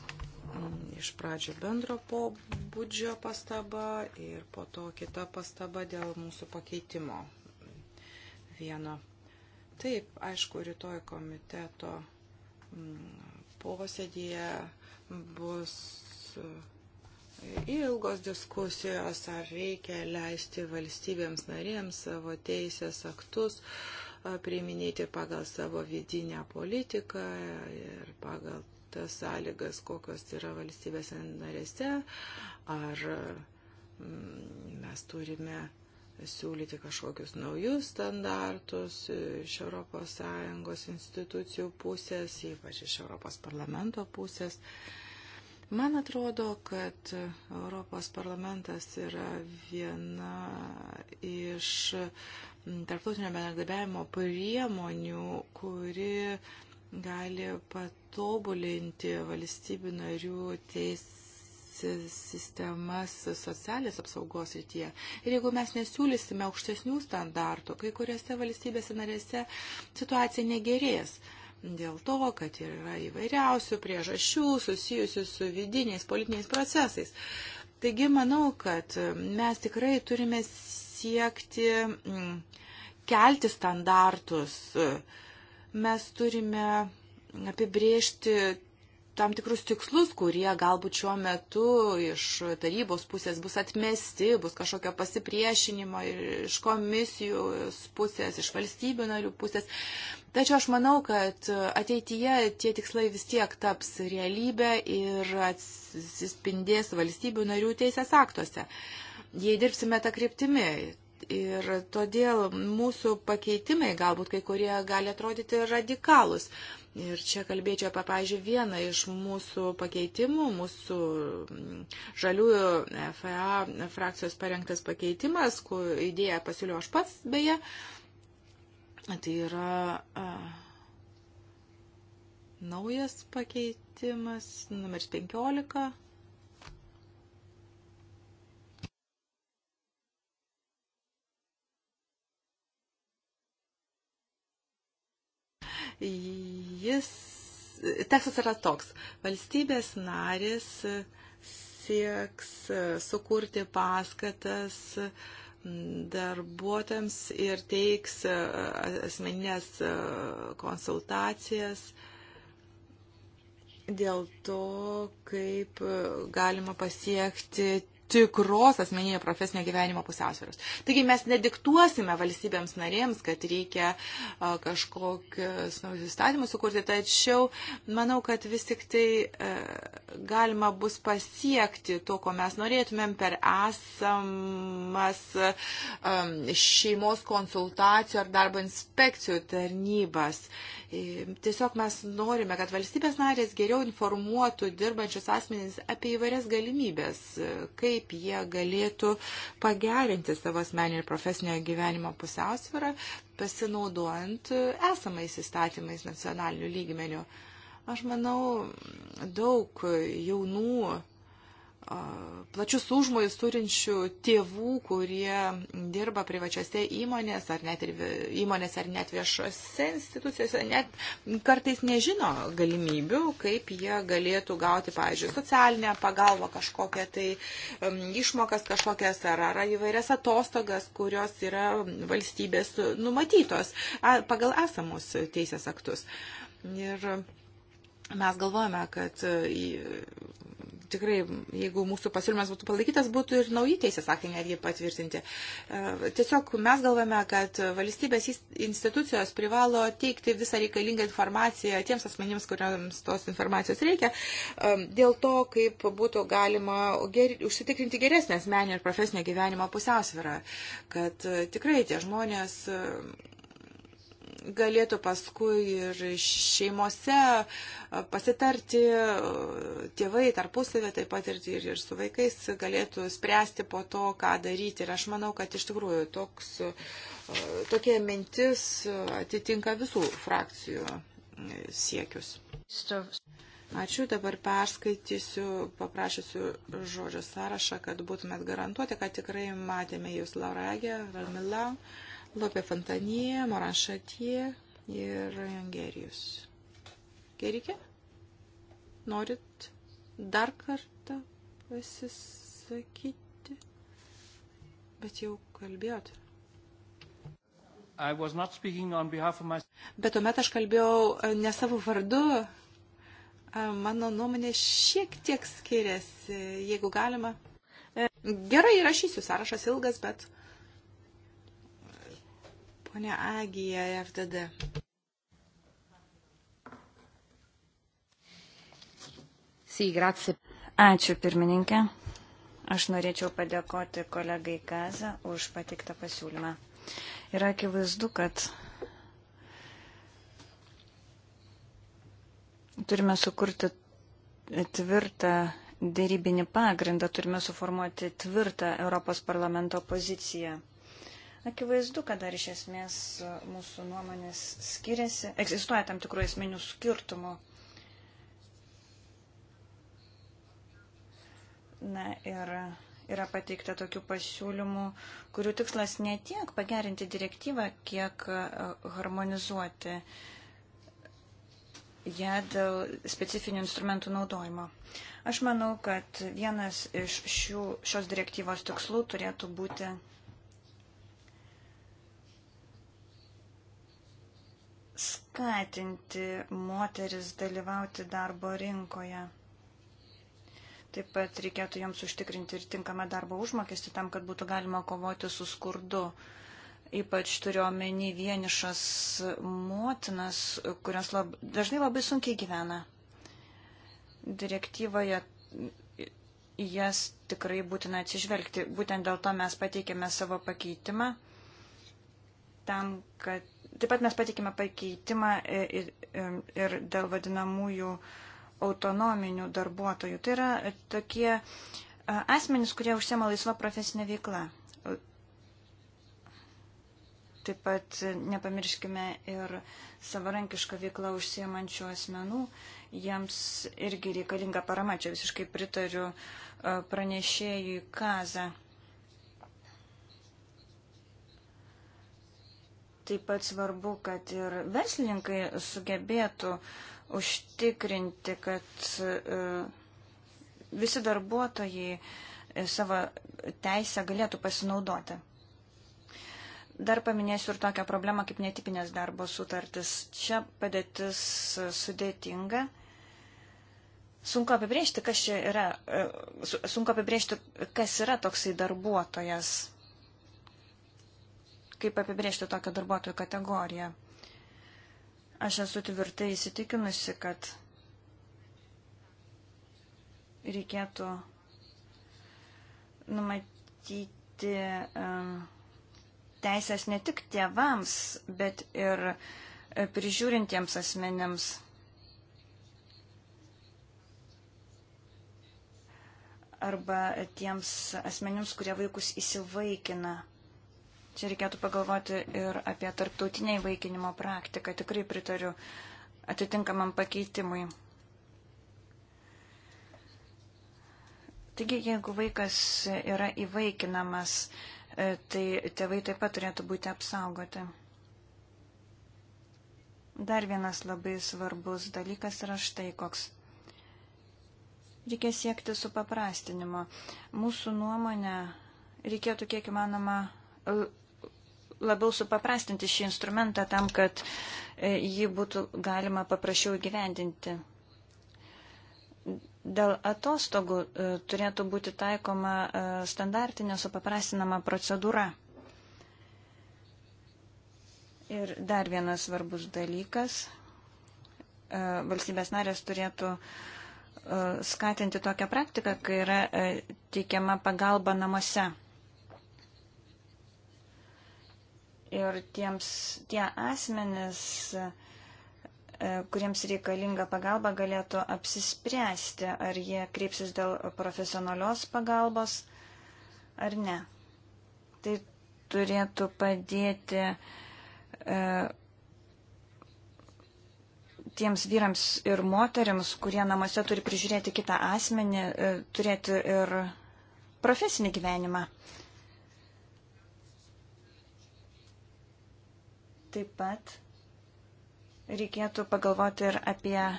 Mm, iš pradžio bendro pobūdžio pastaba ir po to kita pastaba dėl mūsų pakeitimo vieno. Taip, aišku, rytoj komiteto mm, posėdėje bus e, ilgos diskusijos, ar reikia leisti valstybėms narėms savo teisės aktus. Uh, priiminėti pagal savo vidinę politiką ir pagal tas sąlygas, kokios yra valstybės narėse, ar mm, mes turime siūlyti kažkokius naujus standartus iš ES institucijų pusės, ypač iš ES parlamento pusės. Man atrodo, kad Europos parlamentas yra viena iš uh, tarptautinio bendradarbiavimo priemonių, kuri gali patobulinti valstybių narių teisės sistemas socialės apsaugos rytyje. Ir jeigu mes nesiūlysime aukštesnių standartų, kai kuriuose valstybėse narėse situacija negerės. Dėl to, kad yra įvairiausių priežasčių susijusių su vidiniais politiniais procesais. Taigi manau, kad mes tikrai turime siekti mm, kelti standartus. Mes turime apibriežti tam tikrus tikslus, kurie galbūt šiuo metu iš tarybos pusės bus atmesti, bus kažkokio pasipriešinimo iš komisijos pusės, iš valstybių narių pusės. Tačiau aš manau, kad ateityje tie tikslai vis tiek taps realybė ir atsispindės valstybių narių teisės aktuose. Uh, jei dirbsime tą kryptimį. Ir todėl mūsų pakeitimai galbūt kai kurie gali atrodyti radikalus. Ir čia kalbėčiau apie, pavyzdžiui, vieną iš mūsų pakeitimų, mūsų mm, žaliųjų FA frakcijos parengtas pakeitimas, kur idėją pasiūliau aš pats, beje. Tai yra a, naujas pakeitimas, numeris 15 Jis, tekstas yra toks. Valstybės narės sieks sukurti paskatas darbuotojams ir teiks asmeninės konsultacijas dėl to, kaip galima pasiekti tikros asmeninio profesinio gyvenimo pusiausvėros. Taigi mes nediktuosime valstybėms narėms, kad reikia kažkokius naujus įstatymus sukurti, tačiau manau, kad vis tik tai e, galima bus pasiekti to, ko mes norėtumėm per esamas šeimos konsultacijų ar darbo inspekcijų tarnybas. E, tiesiog mes norime, kad valstybės narės geriau informuotų dirbančius asmenys apie įvairias galimybės, e, kaip kaip jie galėtų pagerinti savo asmeninį ir profesinio gyvenimo pusiausvyrą, pasinaudojant esamais įstatymais nacionaliniu lygmeniu. Aš manau, daug jaunų plačius užmojus turinčių tėvų, kurie dirba privačiose įmonėse ar net, ir, įmonėse, ar net viešose institucijose, net kartais nežino galimybių, kaip jie galėtų gauti, pavyzdžiui, socialinę pagalbą, kažkokią tai išmokas kažkokias ar, ar įvairias atostogas, kurios yra valstybės numatytos pagal esamus teisės aktus. Ir mes galvojame, kad tikrai, jeigu mūsų pasiūlymas būtų palaikytas, būtų ir nauji teisės aktai netgi patvirtinti. E, tiesiog mes galvame, kad valstybės institucijos privalo teikti visą reikalingą informaciją tiems asmenims, kuriams tos informacijos reikia, e, dėl to, kaip būtų galima ger... užsitikrinti geresnę asmenį ir profesinio gyvenimo pusiausvyrą, kad e, tikrai tie žmonės galėtų paskui ir šeimose pasitarti, tėvai tarpusavė taip pat ir, ir, ir su vaikais galėtų spręsti po to, ką daryti. Ir aš manau, kad iš tikrųjų toks, tokia mintis atitinka visų frakcijų siekius. Ačiū, dabar perskaitysiu, paprašysiu žodžio sąrašą, kad būtumėt garantuoti, kad tikrai matėme jūs Lauragę, Valmila. La Lopė Fantanie, Moran Šatie ir Angerijus. Gerikė, norit dar kartą pasisakyti? Bet jau kalbėjot. My... Bet tuomet aš kalbėjau e, ne savo vardu. E, mano nuomonė šiek tiek skiriasi, jeigu galima. E, gerai, įrašysiu, sąrašas ilgas, bet. Pone Agija, FTD. Ačiū pirmininkė. Aš norėčiau padėkoti kolegai Kazą už patiktą pasiūlymą. Yra akivaizdu, kad turime sukurti tvirtą dėrybinį pagrindą, turime suformuoti tvirtą Europos parlamento poziciją. Akivaizdu, kad dar iš esmės e, mūsų nuomonės skiriasi, egzistuoja tam tikrų esminių skirtumų. Na ir yra pateikta tokių pasiūlymų, kurių tikslas ne tiek pagerinti direktyvą, kiek e, harmonizuoti ją dėl specifinių instrumentų naudojimo. Aš manau, kad vienas iš šių, šios direktyvos tikslų turėtų būti skatinti moteris dalyvauti darbo rinkoje. Taip pat reikėtų joms užtikrinti ir tinkamą darbo užmokestį tam, kad būtų galima kovoti su skurdu. Ypač turiu omeny vienišas motinas, kurios lab, dažnai labai sunkiai gyvena. Direktyvoje jas tikrai būtina atsižvelgti. Būtent dėl to mes pateikėme savo pakeitimą tam, kad Taip pat mes patikime pakeitimą ir, ir, ir dėl vadinamųjų autonominių darbuotojų. Tai yra tokie e, asmenys, kurie užsiema laisva profesinė veikla. Taip pat nepamirškime ir savarankišką veiklą užsiemančių asmenų. Jiems irgi reikalinga parama. Čia visiškai pritariu e, pranešėjui Kazą. Taip pat svarbu, kad ir verslininkai sugebėtų užtikrinti, kad e, visi darbuotojai e, savo teisę galėtų pasinaudoti. Dar paminėsiu ir tokią problemą kaip netipinės darbo sutartis. Čia padėtis e, sudėtinga. Sunku apibriežti, kas čia yra, sunku apibriežti, kas yra toksai darbuotojas kaip apibrėžti tokią darbuotojų kategoriją. Aš esu tvirtai įsitikinusi, kad reikėtų numatyti teisės ne tik tėvams, bet ir e, prižiūrintiems asmenėms. arba tiems asmenims, kurie vaikus įsivaikina. Čia reikėtų pagalvoti ir apie tarptautinę įvaikinimo praktiką. Tikrai pritariu atitinkamam pakeitimui. Taigi, jeigu vaikas yra įvaikinamas, e, tai tėvai taip pat turėtų būti apsaugoti. Dar vienas labai svarbus dalykas yra štai koks. Reikia siekti supaprastinimo. Mūsų nuomonė reikėtų kiek įmanoma labiau supaprastinti šį instrumentą tam, kad e, jį būtų galima paprasčiau įgyvendinti. Dėl atostogų e, turėtų būti taikoma e, standartinė supaprastinama procedūra. Ir dar vienas svarbus dalykas. Valstybės narės turėtų skatinti tokią praktiką, kai yra teikiama pagalba namuose. ir tiems, tie asmenys, e, kuriems reikalinga pagalba, galėtų apsispręsti, ar jie kreipsis dėl profesionalios pagalbos ar ne. Tai turėtų padėti e, tiems vyrams ir moteriams, kurie namuose turi prižiūrėti kitą asmenį, e, turėti ir profesinį gyvenimą. E, Taip pat reikėtų pagalvoti ir apie e,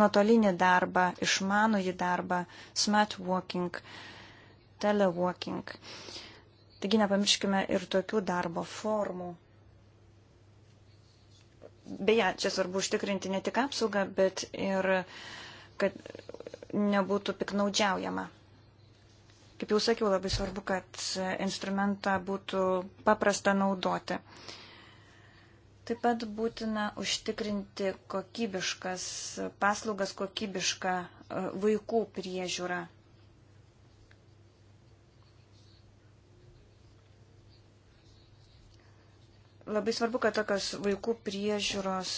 nuotolinį darbą, išmanųjį darbą, smart walking, telewalking. Taigi nepamirškime ir tokių darbo formų. Beje, čia svarbu užtikrinti ne tik apsaugą, bet ir, kad nebūtų piknaudžiaujama. Kaip jau sakiau, labai svarbu, kad instrumentą būtų paprasta naudoti. Uh, Taip pat būtina užtikrinti kokybiškas paslaugas, kokybišką e, vaikų priežiūrą. Labai svarbu, kad tokios vaikų priežiūros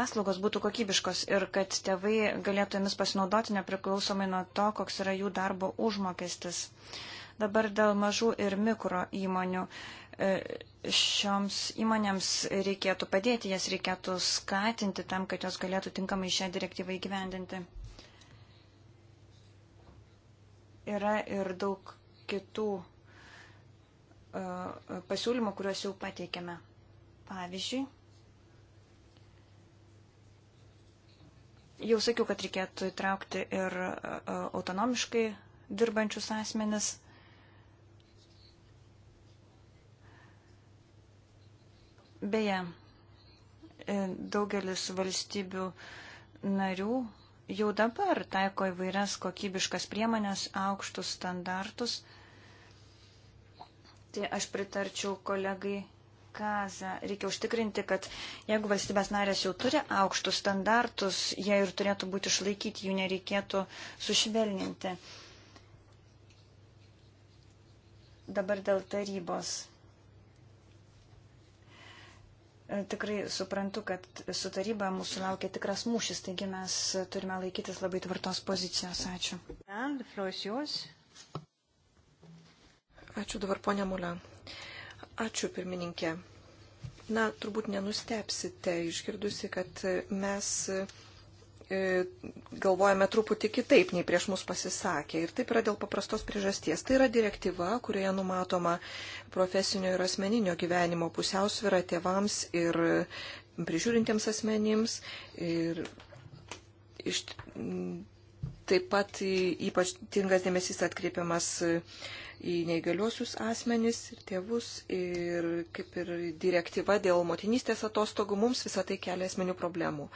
paslaugos būtų kokybiškos ir kad tėvai galėtų jomis pasinaudoti nepriklausomai nuo to, koks yra jų darbo užmokestis. Dabar dėl mažų ir mikro įmonių. Uh, E, šioms įmonėms reikėtų padėti, jas reikėtų skatinti tam, kad jos galėtų tinkamai šią direktyvą įgyvendinti. Yra ir daug kitų e, pasiūlymų, kuriuos jau pateikėme. Pavyzdžiui, jau sakiau, kad reikėtų įtraukti ir e, autonomiškai dirbančius asmenis – Beje, e, daugelis valstybių narių jau dabar taiko įvairias kokybiškas priemonės, aukštus standartus. Tai aš pritarčiau kolegai Kaza. Reikia užtikrinti, kad jeigu valstybės narės jau turi aukštus standartus, jie ir turėtų būti išlaikyti, jų nereikėtų sušvelninti. Dabar dėl tarybos. Tikrai suprantu, kad su taryba mūsų laukia tikras mūšis, taigi mes turime laikytis labai tvirtos pozicijos. Ačiū. Ačiū dabar, ponia Mulė. Ačiū, pirmininkė. Na, turbūt nenustepsite išgirdusi, kad mes E, galvojame truputį kitaip, nei prieš mus pasisakė. Ir taip yra dėl paprastos priežasties. Tai yra direktyva, kurioje numatoma profesinio ir asmeninio gyvenimo pusiausvyrą tėvams ir prižiūrintiems asmenims. Ir iš, taip pat ypač tingas dėmesys atkreipiamas į neįgaliuosius asmenis ir tėvus ir kaip ir direktyva dėl motinystės atostogų mums visą tai kelia esminių problemų.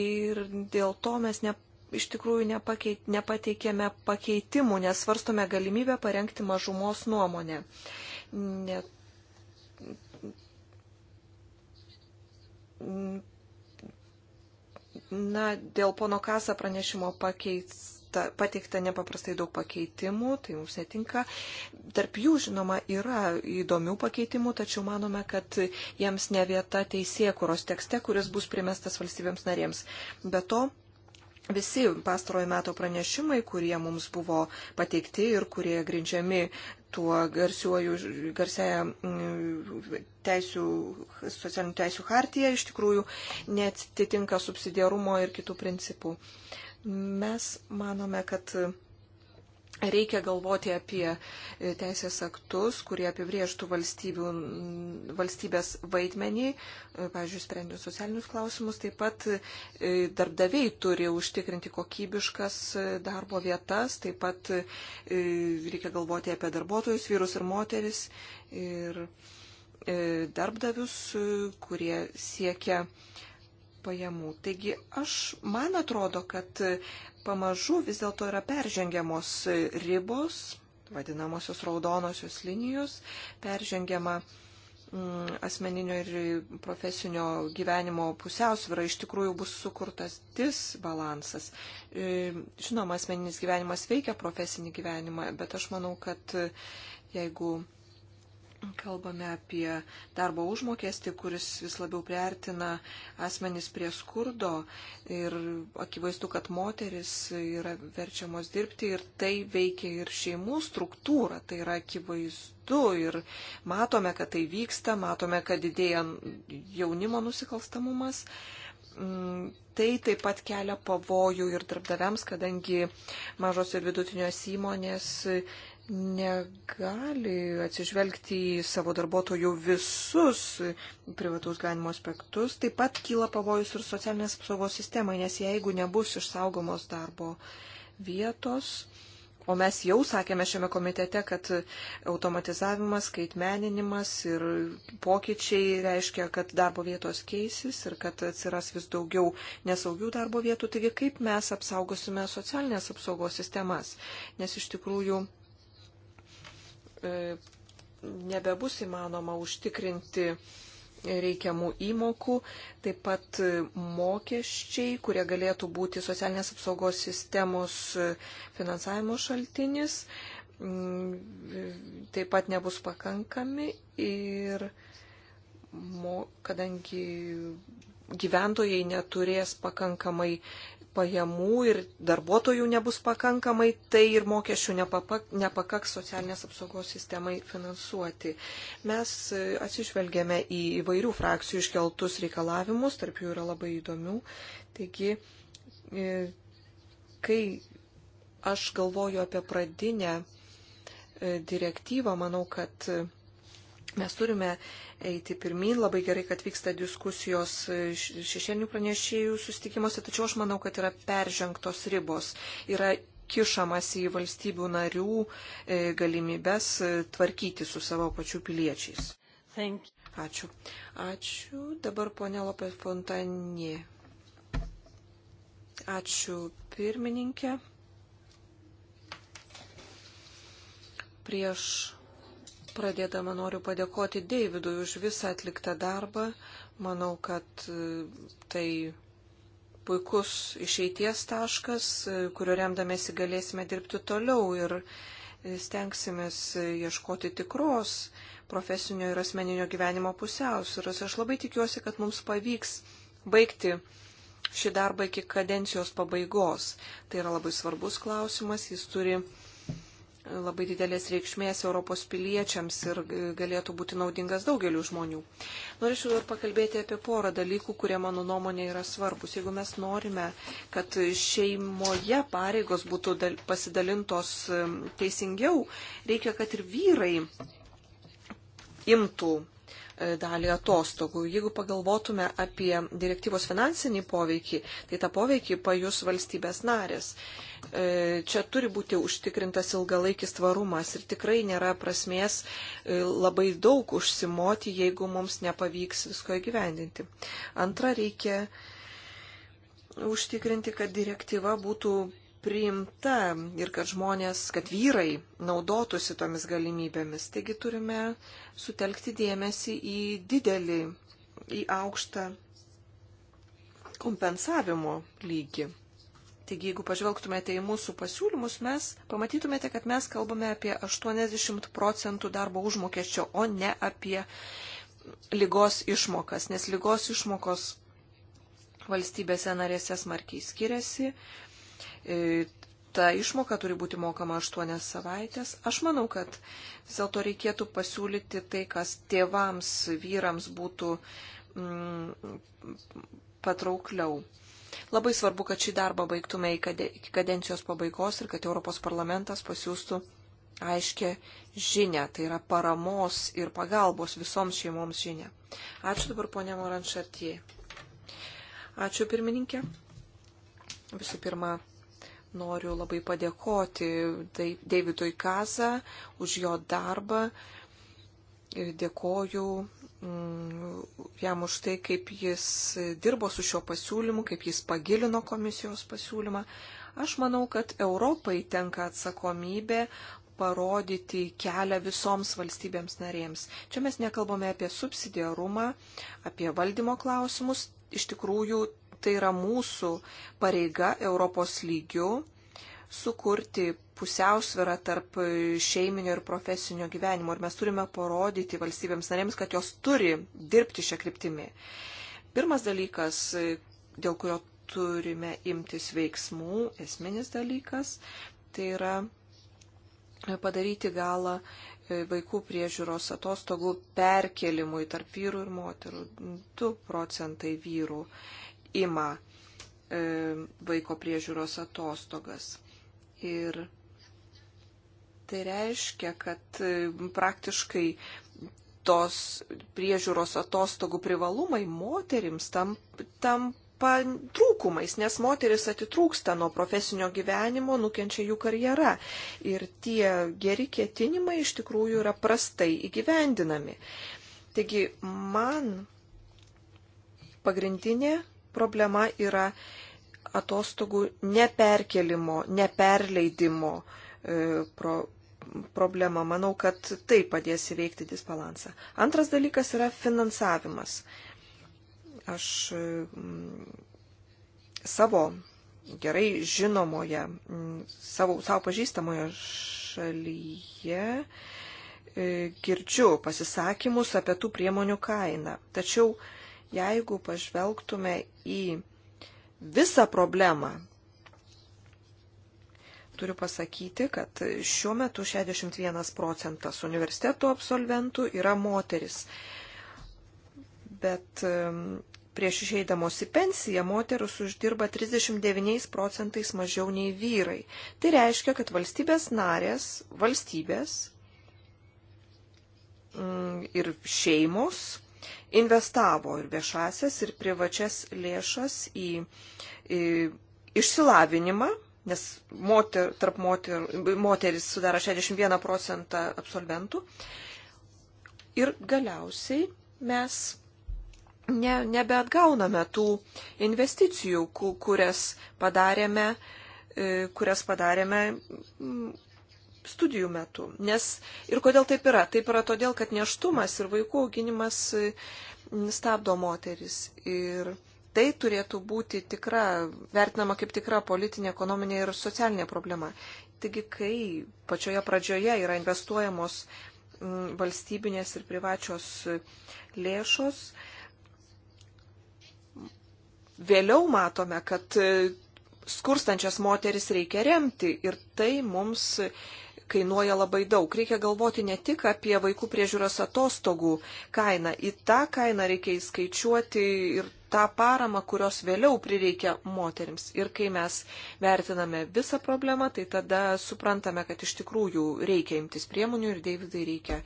Ir dėl to mes ne, iš tikrųjų nepakeit, nepateikėme pakeitimų, nes svarstome galimybę parengti mažumos nuomonę. Ne, na, dėl pono Kasa pranešimo pakeis pateikta, pateikta nepaprastai daug pakeitimų, tai mums netinka. Tarp jų, žinoma, yra įdomių pakeitimų, tačiau manome, kad jiems ne vieta teisėkuros tekste, kuris bus primestas valstybėms narėms. Be to, Visi pastarojo meto pranešimai, kurie mums buvo pateikti ir kurie grindžiami tuo garsiuoju, garsiaja mm, teisų, socialinių teisų hartija, iš tikrųjų neatitinka subsidiarumo ir kitų principų. Uh, Mes manome, kad reikia galvoti apie e, teisės aktus, kurie apibrieštų valstybės vaidmenį, e, pavyzdžiui, sprendžiant socialinius klausimus. Taip pat e, darbdaviai turi užtikrinti kokybiškas darbo vietas, taip pat reikia galvoti apie darbuotojus, vyrus ir moteris ir darbdavius, kurie siekia pajamų. Taigi aš, man atrodo, kad pamažu vis dėlto yra peržengiamos ribos, vadinamosios raudonosios linijos, peržengiama mm, asmeninio ir profesinio gyvenimo pusiausvyra, iš tikrųjų bus sukurtas disbalansas. E, žinoma, asmeninis gyvenimas veikia profesinį gyvenimą, bet aš manau, kad jeigu Kalbame apie darbo užmokestį, kuris vis labiau priartina asmenys prie skurdo ir akivaizdu, kad moteris yra verčiamos dirbti ir tai veikia ir šeimų struktūrą, tai yra akivaizdu ir matome, kad tai vyksta, matome, kad didėja jaunimo nusikalstamumas. Mm, tai taip pat kelia pavojų ir darbdaviams, kadangi mažos ir vidutinės įmonės negali atsižvelgti į savo darbuotojų visus privataus gyvenimo aspektus. Taip pat kyla pavojus ir socialinės apsaugos sistemai, nes jeigu nebus išsaugomos darbo vietos, o mes jau sakėme šiame komitete, kad automatizavimas, skaitmeninimas ir pokyčiai reiškia, kad darbo vietos keisis ir kad atsiras vis daugiau nesaugių darbo vietų, taigi kaip mes apsaugosime socialinės apsaugos sistemas, nes iš tikrųjų E, nebebus įmanoma užtikrinti reikiamų įmokų, taip pat mokesčiai, kurie galėtų būti socialinės apsaugos sistemos finansavimo šaltinis, mm, taip pat nebus pakankami ir mo, kadangi gyventojai neturės pakankamai pajamų ir darbuotojų nebus pakankamai, tai ir mokesčių nepakaks socialinės apsaugos sistemai finansuoti. Mes e, atsižvelgėme į įvairių frakcijų iškeltus reikalavimus, tarp jų yra labai įdomių. Taigi, e, kai aš galvoju apie pradinę e, direktyvą, manau, kad Mes turime eiti pirmin, labai gerai, kad vyksta diskusijos šešėlinių pranešėjų sustikimuose, tačiau aš manau, kad yra peržengtos ribos. Yra kišamas į valstybių narių e, galimybės e, tvarkyti su savo pačių piliečiais. Ačiū. Ačiū. Dabar ponė Lopė Fontanė. Ačiū pirmininkė. Prieš Pradėdama noriu padėkoti Deividui už visą atliktą darbą. Manau, kad e, tai puikus išeities taškas, e, kurio remdamėsi galėsime dirbti toliau ir e, stengsimės ieškoti tikros profesinio ir asmeninio gyvenimo pusiausvėros. Aš labai tikiuosi, kad mums pavyks baigti šį darbą iki kadencijos pabaigos. Tai yra labai svarbus klausimas, jis turi labai didelės reikšmės Europos piliečiams ir galėtų būti naudingas daugeliu žmonių. Norėčiau dar pakalbėti apie porą dalykų, kurie mano nuomonė yra svarbus. Jeigu mes norime, kad šeimoje pareigos būtų pasidalintos um, teisingiau, reikia, kad ir vyrai imtų e, dalį atostogų. Jeigu pagalvotume apie direktyvos finansinį poveikį, tai tą poveikį pajus valstybės narės. E, čia turi būti užtikrintas ilgalaikis tvarumas ir tikrai nėra prasmės e, labai daug užsimoti, jeigu mums nepavyks visko įgyvendinti. Antra, reikia užtikrinti, kad direktyva būtų priimta ir kad žmonės, kad vyrai naudotųsi tomis galimybėmis. Taigi turime sutelkti dėmesį į didelį, į aukštą kompensavimo lygį. Taigi, jeigu pažvelgtumėte į mūsų pasiūlymus, mes pamatytumėte, kad mes kalbame apie 80 procentų darbo užmokesčio, o ne apie lygos išmokas, nes lygos išmokos valstybėse narėse smarkiai skiriasi. E, ta išmoka turi būti mokama 8 savaitės. Aš manau, kad vis dėlto reikėtų pasiūlyti tai, kas tėvams, vyrams būtų mm, patraukliau. Labai svarbu, kad šį darbą baigtume iki kadencijos pabaigos ir kad Europos parlamentas pasiūstų aiškę žinę, tai yra paramos ir pagalbos visoms šeimoms žinę. Ačiū dabar ponė Moranšartie. Ačiū pirmininkė. Visų pirma, noriu labai padėkoti Davidui Kaza už jo darbą. Dėkoju Mm, jam už tai, kaip jis dirbo su šiuo pasiūlymu, kaip jis pagilino komisijos pasiūlymą. Aš manau, kad Europai tenka atsakomybė parodyti kelią visoms valstybėms narėms. Čia mes nekalbame apie subsidiarumą, apie valdymo klausimus. Iš tikrųjų, tai yra mūsų pareiga Europos lygių sukurti pusiausvyrą tarp šeiminio ir profesinio gyvenimo. Ir mes turime parodyti valstybėms narėms, kad jos turi dirbti šią kryptimį. Pirmas dalykas, dėl kurio turime imtis veiksmų, esminis dalykas, tai yra padaryti galą vaikų priežiūros atostogų perkelimui tarp vyrų ir moterų. 2 procentai vyrų ima e, vaiko priežiūros atostogas. Ir tai reiškia, kad praktiškai tos priežiūros atostogų privalumai moterims tam, tam trūkumais, nes moteris atitrūksta nuo profesinio gyvenimo, nukenčia jų karjera. Ir tie geri ketinimai iš tikrųjų yra prastai įgyvendinami. Taigi man pagrindinė problema yra atostogų neperkelimo, neperleidimo e, pro, problema. Manau, kad tai padės įveikti disbalansą. Antras dalykas yra finansavimas. Aš e, savo gerai žinomoje, savo, savo pažįstamoje šalyje e, girdžiu pasisakymus apie tų priemonių kainą. Tačiau jeigu pažvelgtume į visą problemą. Turiu pasakyti, kad šiuo metu 61 procentas universitetų absolventų yra moteris. Bet prieš išeidamos į pensiją moteris uždirba 39 procentais mažiau nei vyrai. Tai reiškia, kad valstybės narės, valstybės mm, ir šeimos investavo ir viešasias, ir privačias lėšas į, į išsilavinimą, nes moter, tarp moter, moteris sudaro 61 procentą absolventų. Ir galiausiai mes ne, nebeatgauname tų investicijų, kurias padarėme, e, kurias padarėme studijų metu. Nes ir kodėl taip yra? Taip yra todėl, kad neštumas ir vaikų auginimas stabdo moteris. Ir tai turėtų būti tikra, vertinama kaip tikra politinė, ekonominė ir socialinė problema. Taigi, kai pačioje pradžioje yra investuojamos valstybinės ir privačios lėšos, vėliau matome, kad skurstančias moteris reikia remti ir tai mums kainuoja labai daug. Reikia galvoti ne tik apie vaikų priežiūros atostogų kainą. Į tą kainą reikia įskaičiuoti ir tą paramą, kurios vėliau prireikia moteriams. Ir kai mes vertiname visą problemą, tai tada suprantame, kad iš tikrųjų reikia imtis priemonių ir Davidai reikia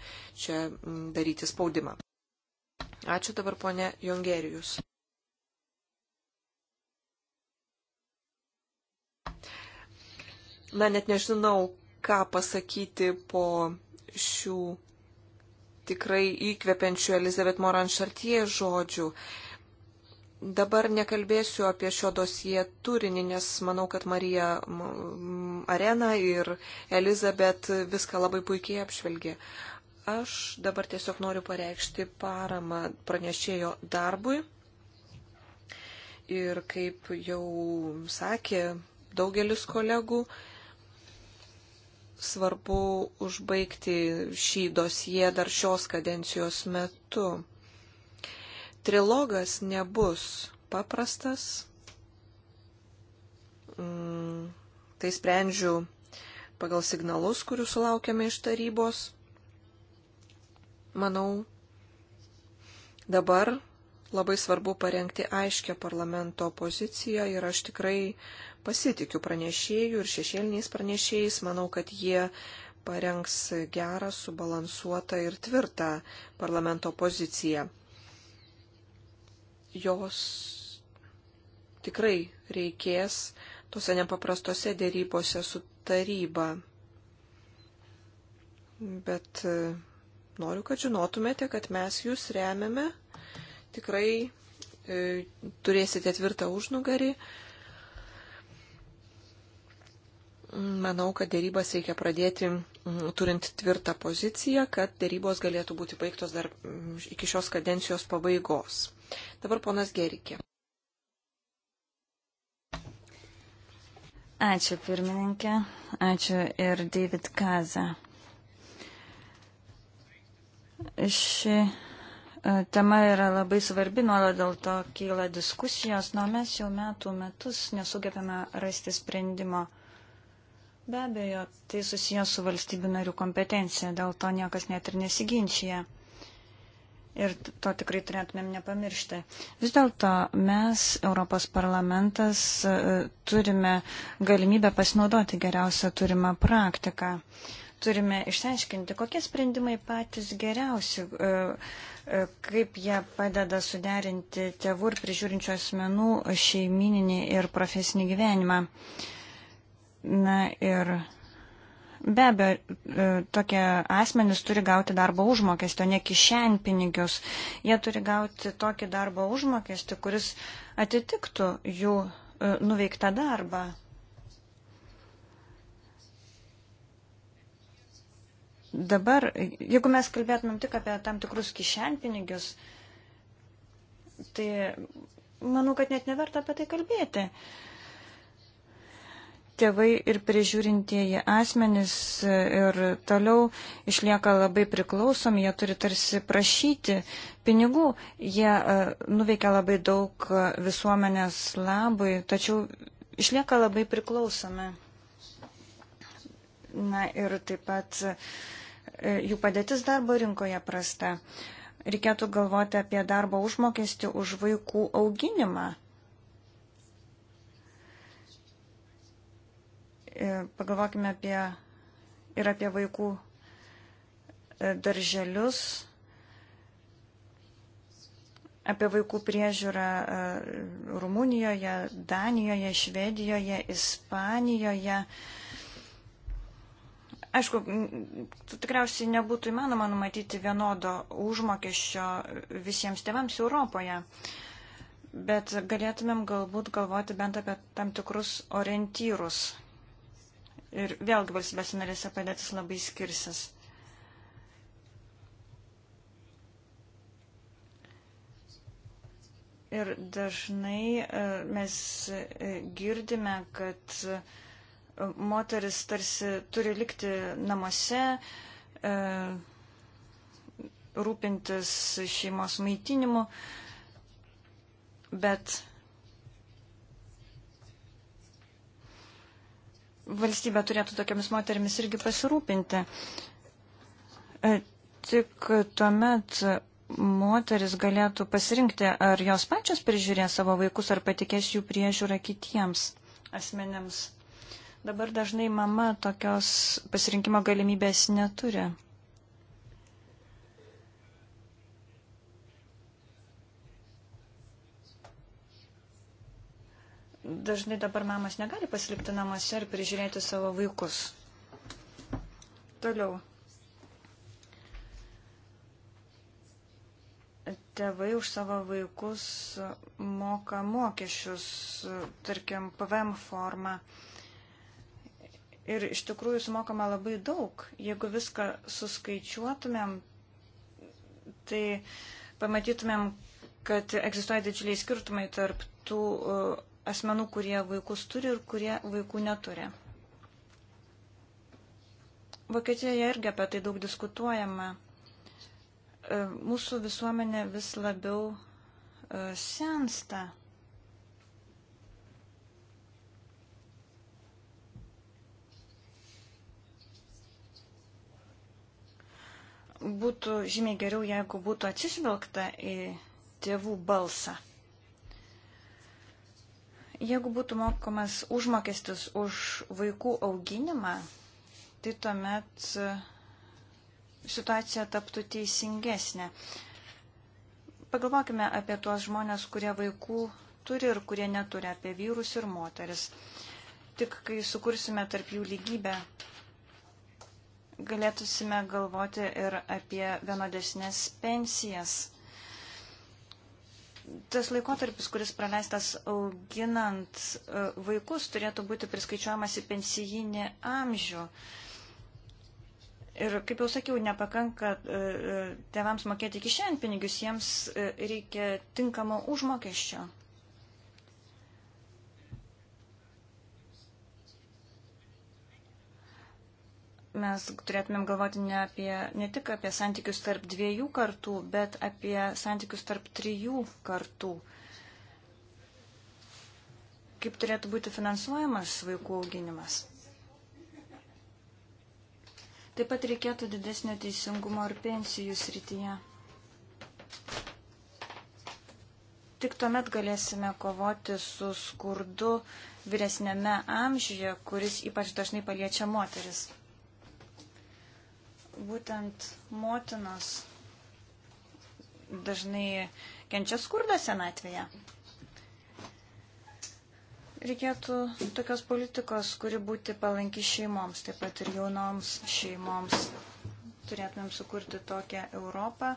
čia mm, daryti spaudimą. Ačiū dabar ponė Jongerijus. na net nežinau, ką pasakyti po šių tikrai įkvepiančių Elizabeth Moran Šartie žodžių. Dabar nekalbėsiu apie šio dosie turinį, nes manau, kad Marija Arena ir Elizabeth viską labai puikiai apžvelgė. Aš dabar tiesiog noriu pareikšti paramą pranešėjo darbui. Ir kaip jau sakė daugelis kolegų, svarbu užbaigti šį dosiją dar šios kadencijos metu. Trilogas nebus paprastas. Mm, tai sprendžiu pagal signalus, kurių sulaukėme iš tarybos. Manau, dabar labai svarbu parengti aiškę parlamento poziciją ir aš tikrai Pasitikiu pranešėjų ir šešėliniais pranešėjais, manau, kad jie parengs gerą, subalansuotą ir tvirtą parlamento poziciją. Jos tikrai reikės tose nepaprastose dėrybose su taryba. Bet e, noriu, kad žinotumėte, kad mes jūs remiame. Tikrai e, turėsite tvirtą užnugarį. E, Manau, kad dėrybas reikia pradėti turint tvirtą poziciją, kad dėrybos galėtų būti baigtos dar iki šios kadencijos pabaigos. Dabar ponas Gerikė. Ačiū pirmininkė, ačiū ir David Kaza. Ši e, tema yra labai svarbi, nuolat dėl to kyla diskusijos, nuo mes jau metų metus nesugebėme rasti sprendimo. Be abejo, tai susijęs su valstybių narių kompetencija, dėl to niekas net ir nesiginčia. Ir to tikrai turėtumėm nepamiršti. Vis dėlto mes, Europos parlamentas, turime galimybę pasinaudoti geriausią turimą praktiką. Turime išsiaiškinti, kokie sprendimai patys geriausi, e, e, kaip jie padeda suderinti tėvų ir prižiūrinčių asmenų šeimininį ir profesinį gyvenimą. Na ir be abejo, e, tokie asmenys turi gauti darbo užmokestį, o ne kišenpinigius. Jie turi gauti tokį darbo užmokestį, kuris atitiktų jų e, nuveiktą darbą. Dabar, jeigu mes kalbėtumėm tik apie tam tikrus kišenpinigius, tai manau, kad net neverta apie tai kalbėti. Uh, tėvai ir prižiūrintieji asmenys ir toliau išlieka labai priklausomi, jie turi tarsi prašyti pinigų, jie e, nuveikia labai daug visuomenės labui, tačiau išlieka labai priklausomi. Na ir taip pat e, jų padėtis darbo rinkoje prasta. Reikėtų galvoti apie darbo užmokestį už vaikų auginimą E, pagalvokime apie, ir apie vaikų e, darželius, apie vaikų priežiūrą e, Rumunijoje, Danijoje, Švedijoje, Ispanijoje. Aišku, tikriausiai nebūtų įmanoma numatyti vienodo užmokesčio visiems tėvams Europoje, bet galėtumėm galbūt galvoti bent apie tam tikrus orientyrus. Ir vėlgi valstybės narėse padėtis labai skirsis. Ir dažnai e, mes e, girdime, kad e, moteris tarsi turi likti namuose, rūpintis šeimos maitinimu, bet valstybė turėtų tokiamis moterimis irgi pasirūpinti. E, tik tuomet moteris galėtų pasirinkti, ar jos pačios prižiūrės savo vaikus, ar patikės jų priežiūrą kitiems asmenėms. Dabar dažnai mama tokios pasirinkimo galimybės neturi. dažnai dabar mamas negali pasilikti namuose ir prižiūrėti savo vaikus. Toliau. Tėvai už savo vaikus moka mokesčius, tarkim, PVM formą. Ir iš tikrųjų sumokama labai daug. Jeigu viską suskaičiuotumėm, tai pamatytumėm, kad egzistuoja didžiuliai skirtumai tarp tų uh, asmenų, kurie vaikus turi ir kurie vaikų neturi. Vokietijoje irgi apie tai daug diskutuojama. E, mūsų visuomenė vis labiau e, sensta. Būtų žymiai geriau, jeigu būtų atsižvelgta į tėvų balsą. Jeigu būtų mokamas užmokestis už vaikų auginimą, tai tuomet e, situacija taptų teisingesnė. Pagalvokime apie tuos žmonės, kurie vaikų turi ir kurie neturi, apie vyrus ir moteris. Tik kai sukursime tarp jų lygybę, galėtusime galvoti ir apie vienodesnės pensijas tas laikotarpis, kuris praleistas auginant e, vaikus, turėtų būti priskaičiuojamas į pensijinį amžių. Ir kaip jau sakiau, nepakanka e, e, tėvams mokėti kišenpinigius, jiems reikia tinkamo užmokesčio. mes turėtumėm galvoti ne, apie, ne tik apie santykius tarp dviejų kartų, bet apie santykius tarp trijų kartų. Kaip turėtų būti finansuojamas vaikų auginimas. Taip pat reikėtų didesnio teisingumo ir pensijų srityje. Tik tuomet galėsime kovoti su skurdu vyresnėme amžiuje, kuris ypač dažnai paliečia moteris. Būtent motinos dažnai kenčia skurdą senatvėje. Reikėtų tokios politikos, kuri būti palanki šeimoms, taip pat ir jaunoms šeimoms. Turėtumėm sukurti tokią Europą,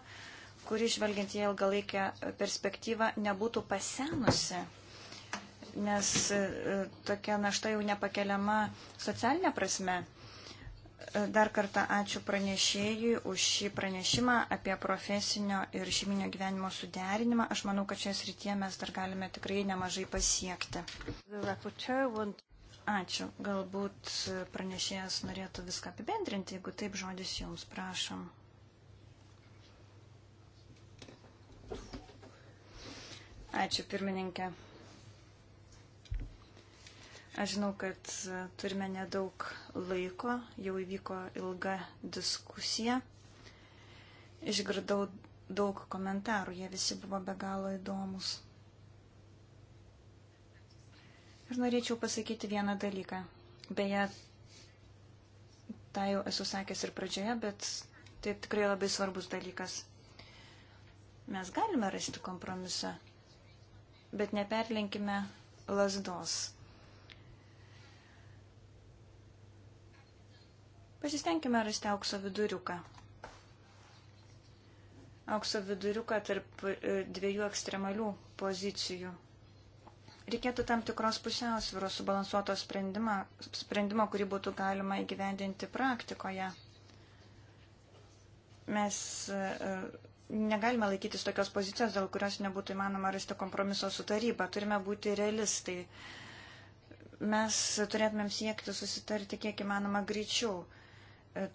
kuri, žvelgiant į ilgalaikę perspektyvą, nebūtų pasenusi nes e, tokia našta jau nepakeliama socialinė prasme. Dar kartą ačiū pranešėjui už šį pranešimą apie profesinio ir šeiminio gyvenimo suderinimą. Aš manau, kad šioje srityje mes dar galime tikrai nemažai pasiekti. Ačiū. Galbūt pranešėjas norėtų viską apibendrinti, jeigu taip žodis jums prašom. Ačiū, pirmininkė. Aš žinau, kad turime nedaug laiko, jau įvyko ilga diskusija. Išgirdau daug komentarų, jie visi buvo be galo įdomus. Ir norėčiau pasakyti vieną dalyką. Beje, tą jau esu sakęs ir pradžioje, bet tai tikrai labai svarbus dalykas. Mes galime rasti kompromisą, bet neperlenkime lasdos Pasistengime rasti aukso viduriuką. Aukso viduriuką tarp e, dviejų ekstremalių pozicijų. Reikėtų tam tikros pusiausvyros subalansuoto sprendimo, sprendimo, kurį būtų galima įgyvendinti praktikoje. Mes e, negalime laikytis tokios pozicijos, dėl kurios nebūtų įmanoma rasti kompromiso su taryba. Turime būti realistai. Mes turėtumėm siekti susitarti kiek įmanoma greičiau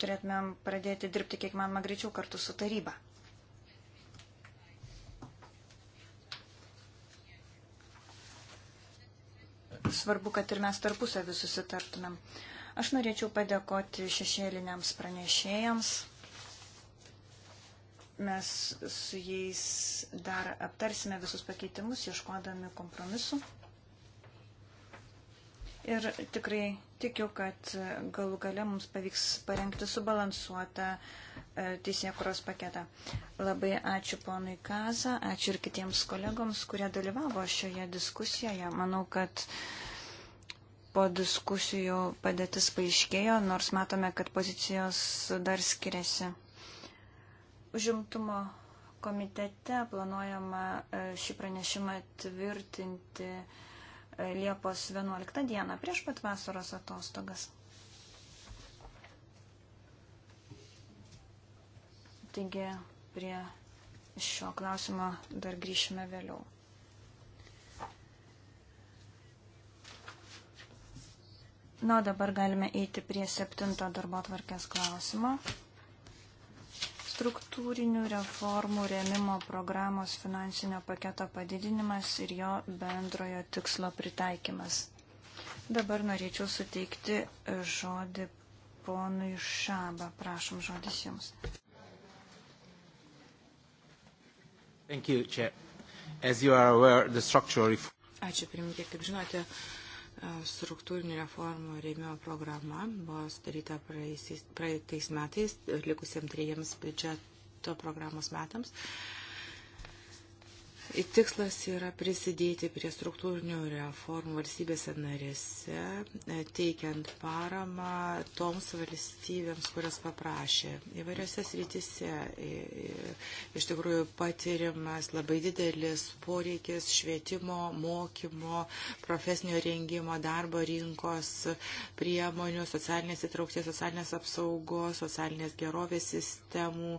turėtumėm pradėti dirbti kiek manoma greičiau kartu su taryba. Svarbu, kad ir mes tarpusavį susitartumėm. Aš norėčiau padėkoti šešėliniams pranešėjams. Mes su jais dar aptarsime visus pakeitimus, ieškodami kompromisų. Ir tikrai tikiu, kad galų gale mums pavyks parengti subalansuotą e, teisėkuros paketą. Labai ačiū ponui Kaza, ačiū ir kitiems kolegoms, kurie dalyvavo šioje diskusijoje. Manau, kad po diskusijų padėtis paaiškėjo, nors matome, kad pozicijos dar skiriasi. Užimtumo komitete planuojama e, šį pranešimą tvirtinti Liepos 11 dieną prieš pat vasaros atostogas. Taigi prie šio klausimo dar grįšime vėliau. Na, dabar galime eiti prie septinto darbo tvarkės klausimo. Struktūrinių reformų rėmimo programos finansinio paketo padidinimas ir jo bendrojo tikslo pritaikymas. Dabar norėčiau suteikti e, žodį ponui Šaba. Prašom, žodis jums. Thank you, Chair. As you are aware, the structural reform... Ačiū, pirmininkė. Kaip žinote, uh, E, struktūrinių reformų rėmimo programa buvo sudaryta praeitais metais, likusiems trejiems biudžeto programos metams. Tikslas yra prisidėti prie struktūrinių reformų valstybėse narėse, e, teikiant paramą toms valstybėms, kurios paprašė. Įvairiose srityse iš tikrųjų patirimas labai didelis poreikis švietimo, mokymo, profesinio rengimo, darbo rinkos priemonių, socialinės įtraukties, socialinės apsaugos, socialinės gerovės sistemų,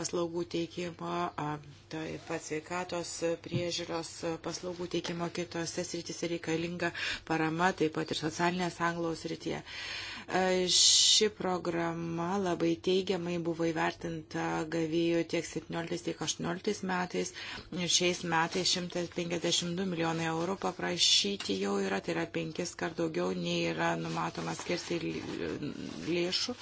paslaugų teikimo, taip pat sveikatos priežiūros paslaugų teikimo kitose srityse reikalinga parama, taip pat ir socialinės anglos srityje. Uh, Ši programa labai teigiamai buvo įvertinta gavėjų tiek 17, tiek 18 metais. Ir šiais metais 152 milijonai eurų paprašyti jau yra, tai yra penkis kart daugiau nei yra numatoma skirti lėšų.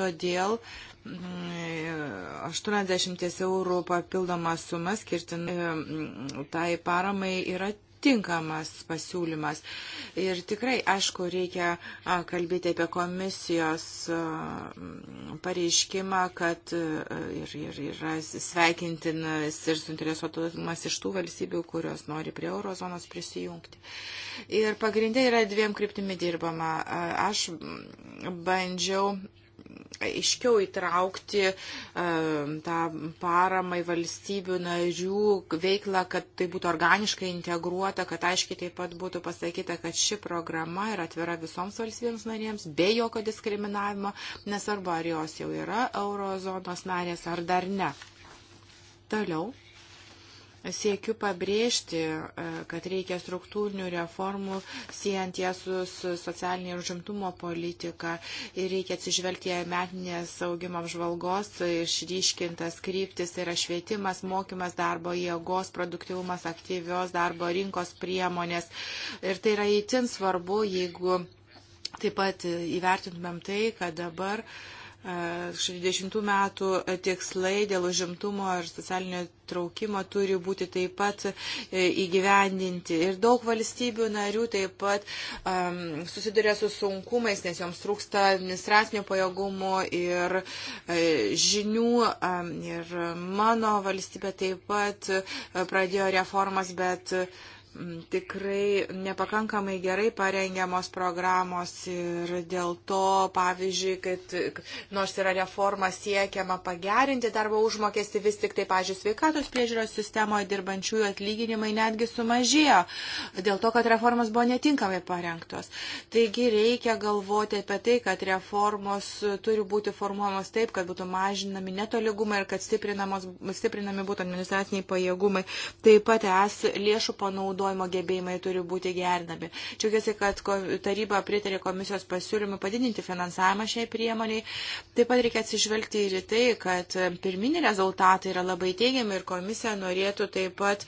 Todėl 80 mm, eurų papildoma suma skirtina mm, tai paramai yra tinkamas pasiūlymas. Ir tikrai, aišku, reikia kalbėti apie komisijos pareiškimą, kad ir, ir, yra sveikintinas ir suinteresuotumas iš tų valstybių, kurios nori prie eurozonos prisijungti. Ir pagrindai yra dviem kryptimi dirbama. Aš bandžiau aiškiau įtraukti ehm, tą paramą į valstybių narių veiklą, kad tai būtų organiškai integruota, kad aiškiai taip pat būtų pasakyta, kad ši programa yra atvira visoms valstybėms narėms, be jokio diskriminavimo, nesvarbu ar jos jau yra eurozonos narės ar dar ne. Toliau siekiu pabrėžti, e, kad reikia struktūrinių reformų, siejant jas su socialinė ir užimtumo politika ir reikia atsižvelgti į metinės augimo apžvalgos išryškintas kryptis, tai yra švietimas, mokymas, darbo jėgos, produktivumas, aktyvios darbo rinkos priemonės. Ir tai yra įtin svarbu, jeigu taip pat įvertintumėm tai, kad dabar uh, 60 metų tikslai dėl užimtumo ir socialinio traukimo turi būti taip pat e, įgyvendinti. Ir daug valstybių narių taip pat um, susiduria su sunkumais, nes joms trūksta administracinio pajėgumo ir e, žinių. Um, ir mano valstybė taip pat e, pradėjo reformas, bet uh, tikrai nepakankamai gerai parengiamos programos ir dėl to, pavyzdžiui, kad nors yra reforma siekiama pagerinti darbo užmokestį, vis tik tai, pavyzdžiui, sveikatos priežiūros sistemoje dirbančiųjų atlyginimai netgi sumažėjo dėl to, kad reformos buvo netinkamai parengtos. Taigi reikia galvoti apie tai, kad reformos turi būti formuojamos taip, kad būtų mažinami netoligumai ir kad stiprinami būtų administraciniai pajėgumai. Taip pat es lėšų panaudojimas naudojimo gebėjimai turi būti gerinami. Čiaugiuosi, kad taryba pritarė komisijos pasiūlymui padidinti finansavimą šiai priemoniai. Taip pat reikia atsižvelgti ir į tai, kad e, pirminiai rezultatai yra labai teigiami ir komisija norėtų taip pat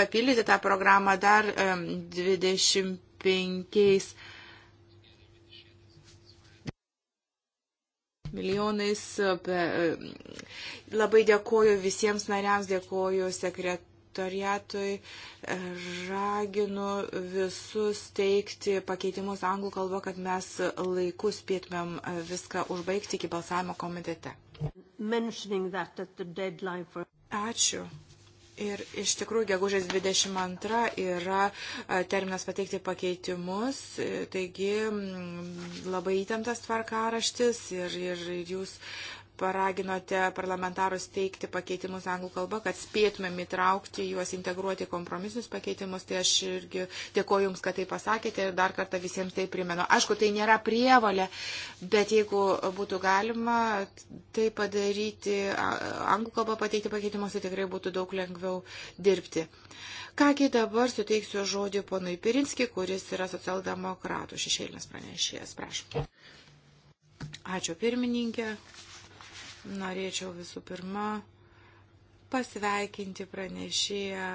papildyti tą programą dar 25 e, milijonais. E, labai dėkoju visiems nariams, dėkoju sekret sekretoriatui e, raginu visus teikti pakeitimus anglų kalbą, kad mes laiku spėtumėm e, viską užbaigti iki balsavimo komitete. Ačiū. Ir iš tikrųjų, gegužės 22 yra e, terminas pateikti pakeitimus, taigi labai įtemptas tvarkaraštis ir, ir, ir jūs paraginote parlamentarus teikti pakeitimus anglų kalba, kad spėtumėm įtraukti juos, integruoti kompromisus pakeitimus, tai aš irgi dėkoju Jums, kad tai pasakėte ir dar kartą visiems tai primenu. Aišku, tai nėra prievalė, bet jeigu būtų galima tai padaryti, anglų kalba pateikti pakeitimus, tai tikrai būtų daug lengviau dirbti. Kągi dabar suteiksiu žodį ponui Pirinski, kuris yra socialdemokratų šešėlinis pranešėjas. Prašom. Ačiū pirmininkė. Norėčiau visų pirma pasveikinti pranešėją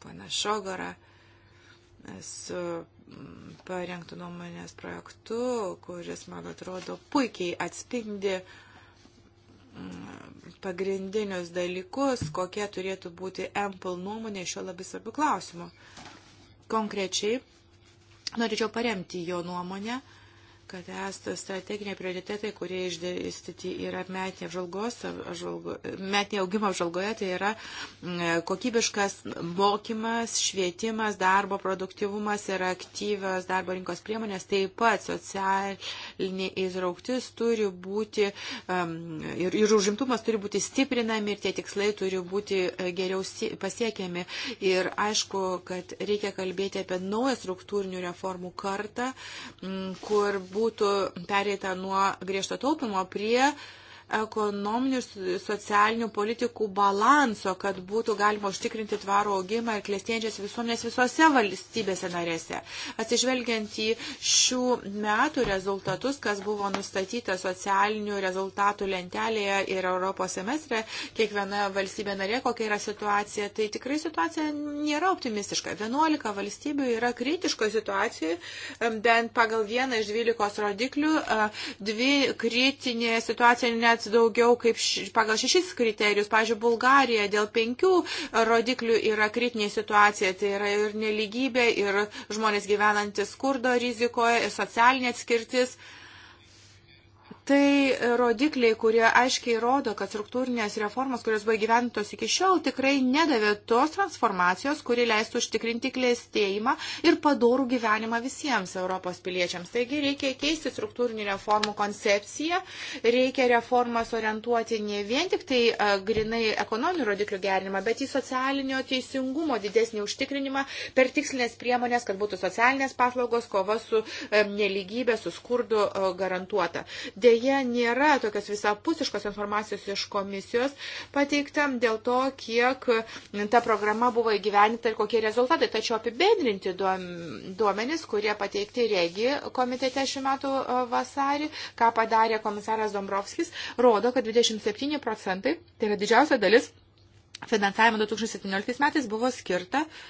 pana Šogorą su parengtų nuomonės projektu, kuris, man atrodo, puikiai atspindi pagrindinius dalykus, kokie turėtų būti MPL nuomonė šio labai svarbių klausimų. Konkrečiai norėčiau paremti jo nuomonę kad es strateginiai prioritetai, kurie išdėstyti yra metinė apžalgos, apžalgo, metinė augimo apžalgoje, tai yra kokybiškas mokymas, švietimas, darbo produktivumas ir aktyvios darbo rinkos priemonės, taip pat socialinė įtrauktis turi būti um, ir, ir užimtumas turi būti stiprinami ir tie tikslai turi būti e, geriau pasiekiami. Ir aišku, kad reikia kalbėti apie naują struktūrinių reformų kartą, kur būtų pereita nuo griežto taupimo prie uh, ekonominių ir socialinių politikų balanso, kad būtų galima užtikrinti tvarų augimą ir klėstienčias visuomenės visose valstybėse narėse. Atsižvelgiant į šių metų rezultatus, kas buvo nustatyta socialinių rezultatų lentelėje ir Europos semestre, kiekviena valstybė narė, kokia yra situacija, tai tikrai situacija nėra optimistiška. 11 valstybių yra kritiškoje situacijoje, bent pagal vieną iš 12 rodiklių, dvi kritinė situacija net bet daugiau kaip š, pagal šešis kriterijus. Pavyzdžiui, Bulgarija dėl penkių rodiklių yra kritinė situacija. Tai yra ir neligybė, ir žmonės gyvenantis skurdo rizikoje, ir socialinė atskirtis. Uh, tai rodikliai, kurie aiškiai rodo, kad struktūrinės reformos, kurios buvo gyventos iki šiol, tikrai nedavė tos transformacijos, kuri leistų užtikrinti klėstėjimą ir padorų gyvenimą visiems Europos piliečiams. Taigi reikia keisti struktūrinių reformų koncepciją, reikia reformas orientuoti ne vien tik tai e, grinai ekonominių rodiklių gerinimą, bet į socialinio teisingumo didesnį užtikrinimą per tikslinės priemonės, kad būtų socialinės paslaugos, kova su e, neligybė, su skurdu e, garantuota. Dėl dėja nėra tokios visapusiškos informacijos iš komisijos pateikta dėl to, kiek ta programa buvo įgyvenita ir kokie rezultatai. Tačiau apibendrinti duomenys, kurie pateikti regi komitete šių metų e, vasarį, ką padarė komisaras Dombrovskis, rodo, kad 27 procentai, tai yra didžiausia dalis, finansavimo 2017 metais buvo skirta uh,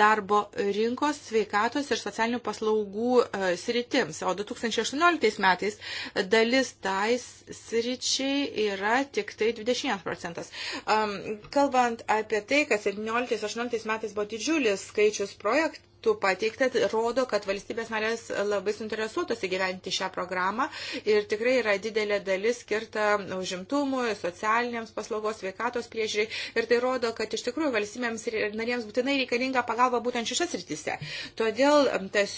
darbo rinkos, sveikatos ir socialinių paslaugų e, sritims. O 2018 metais dalis tais sričiai yra tik tai 21 procentas. Kalbant apie tai, kad 17-18 metais buvo didžiulis skaičius projektų, būtų pateikta, rodo, kad valstybės narės labai suinteresuotos įgyventi šią programą ir tikrai yra didelė dalis skirta užimtumui, socialiniams paslaugos, sveikatos priežiūrai ir tai rodo, kad iš tikrųjų valstybėms narėms būtinai reikalinga pagalba būtent šiose srityse. Todėl tas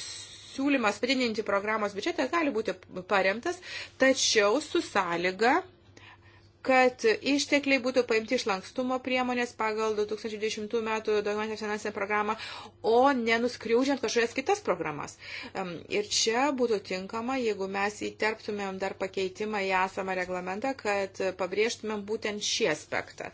siūlymas padidinti programos biudžetą gali būti paremtas, tačiau su sąlyga kad ištekliai būtų paimti iš lankstumo priemonės pagal 2020 metų daugiametę finansinę programą, o nenuskriaužiant kažkokias kitas programas. Ir čia būtų tinkama, jeigu mes įterptumėm dar pakeitimą į esamą reglamentą, kad pabrėžtumėm būtent šį aspektą.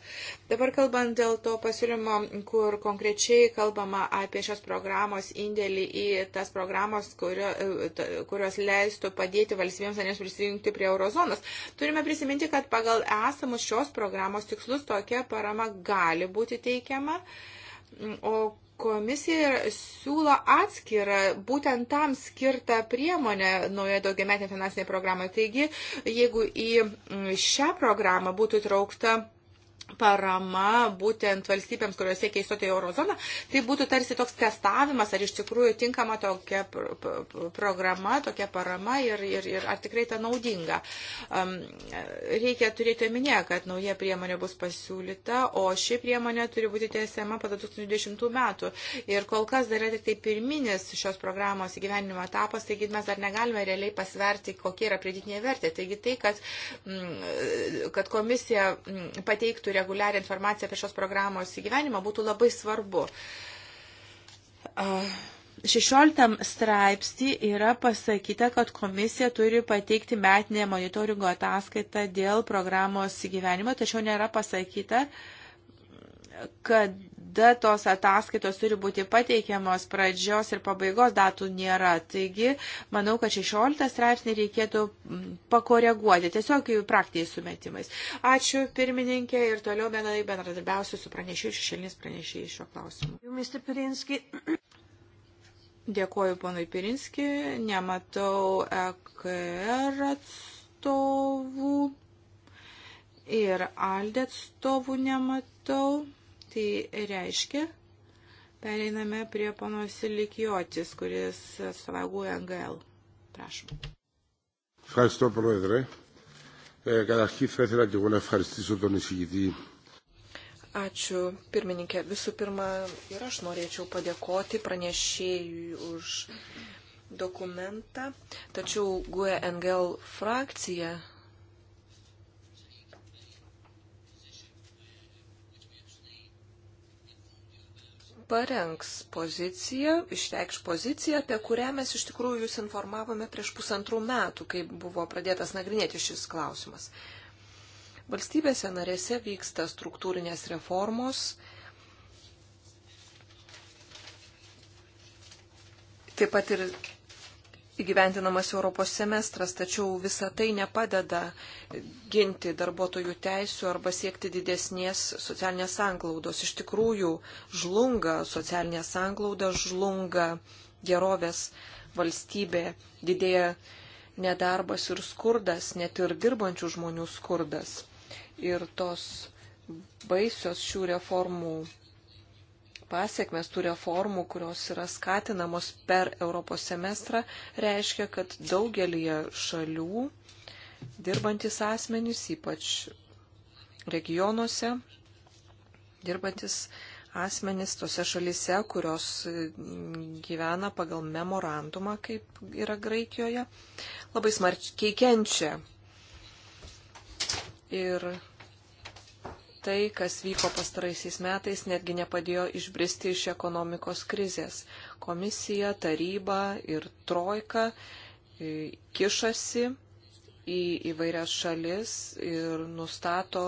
Dabar kalbant dėl to pasiūlymo, kur konkrečiai kalbama apie šios programos indėlį į tas programos, kurio, e, kurios leistų padėti valstybėms, nes prisijungti prie eurozonos, turime prisiminti, kad pagal esamus šios programos tikslus tokia parama gali būti teikiama. O komisija siūlo atskirą būtent tam skirtą priemonę naujoje daugiametė finansinėje programoje. Taigi, jeigu į šią programą būtų traukta parama būtent valstybėms, kuriuose keistoti eurozoną, tai būtų tarsi toks testavimas, ar iš tikrųjų tinkama tokia programa, tokia parama ir, ir, ir ar tikrai ta naudinga. Um, reikia turėti omenyje, kad nauja priemonė bus pasiūlyta, o ši priemonė turi būti tiesiama po 2020 metų. Ir kol kas dar yra tik tai pirminis šios programos įgyvenimo etapas, taigi mes dar negalime realiai pasverti, kokia yra pridėtinė vertė. Taigi tai, kad, mm, kad komisija mm, pateiktų rekomendacijas, reguliarią informaciją apie šios programos įgyvenimą būtų labai svarbu. 16 straipsnį yra pasakyta, kad komisija turi pateikti metinę monitoringo ataskaitą dėl programos įgyvenimo, tačiau nėra pasakyta, uh, kada tos ataskaitos turi būti pateikiamos, pradžios ir pabaigos datų nėra. Taigi, manau, kad 16 straipsnį reikėtų pakoreguoti, tiesiog praktiniais sumetimais. Ačiū pirmininkė ir toliau vienai bendradarbiausiu su pranešiu ir šešėlinis pranešėjai šio klausimu. Dėkuoju ponui Pirinski, nematau EKR atstovų ir Aldė atstovų nematau. Tai reiškia, pereiname prie pono Silikijotis, kuris atstovauja NGL. Prašom. Ευχαριστώ, Πρόεδρε. Ε, καταρχήν θα ήθελα και εγώ να ευχαριστήσω τον εισηγητή Ačiū, pirmininkė. Visų pirma, ir aš norėčiau padėkoti pranešėjui už dokumentą, tačiau GUE NGL frakcija parengs poziciją, išreikš poziciją, apie kurią mes iš tikrųjų jūs informavome prieš pusantrų metų, kai buvo pradėtas nagrinėti šis klausimas. Valstybėse narėse vyksta struktūrinės reformos. Taip pat ir įgyventinamas Europos semestras, tačiau visa tai nepadeda ginti darbuotojų teisų arba siekti didesnės socialinės sanglaudos. Iš tikrųjų, žlunga socialinė sanglauda, žlunga gerovės valstybė, didėja nedarbas ir skurdas, net ir dirbančių žmonių skurdas. Ir tos baisios šių reformų pasiekmes tų reformų, kurios yra skatinamos per Europos semestrą, reiškia, kad daugelį šalių dirbantis asmenys, ypač regionuose, dirbantis asmenys tose šalise, kurios gyvena pagal memorandumą, kaip yra Graikijoje, labai smarkiai kenčia. Ir tai, kas vyko pastaraisiais metais, netgi nepadėjo išbristi iš ekonomikos krizės. Komisija, taryba ir trojka e, kišasi į įvairias šalis ir nustato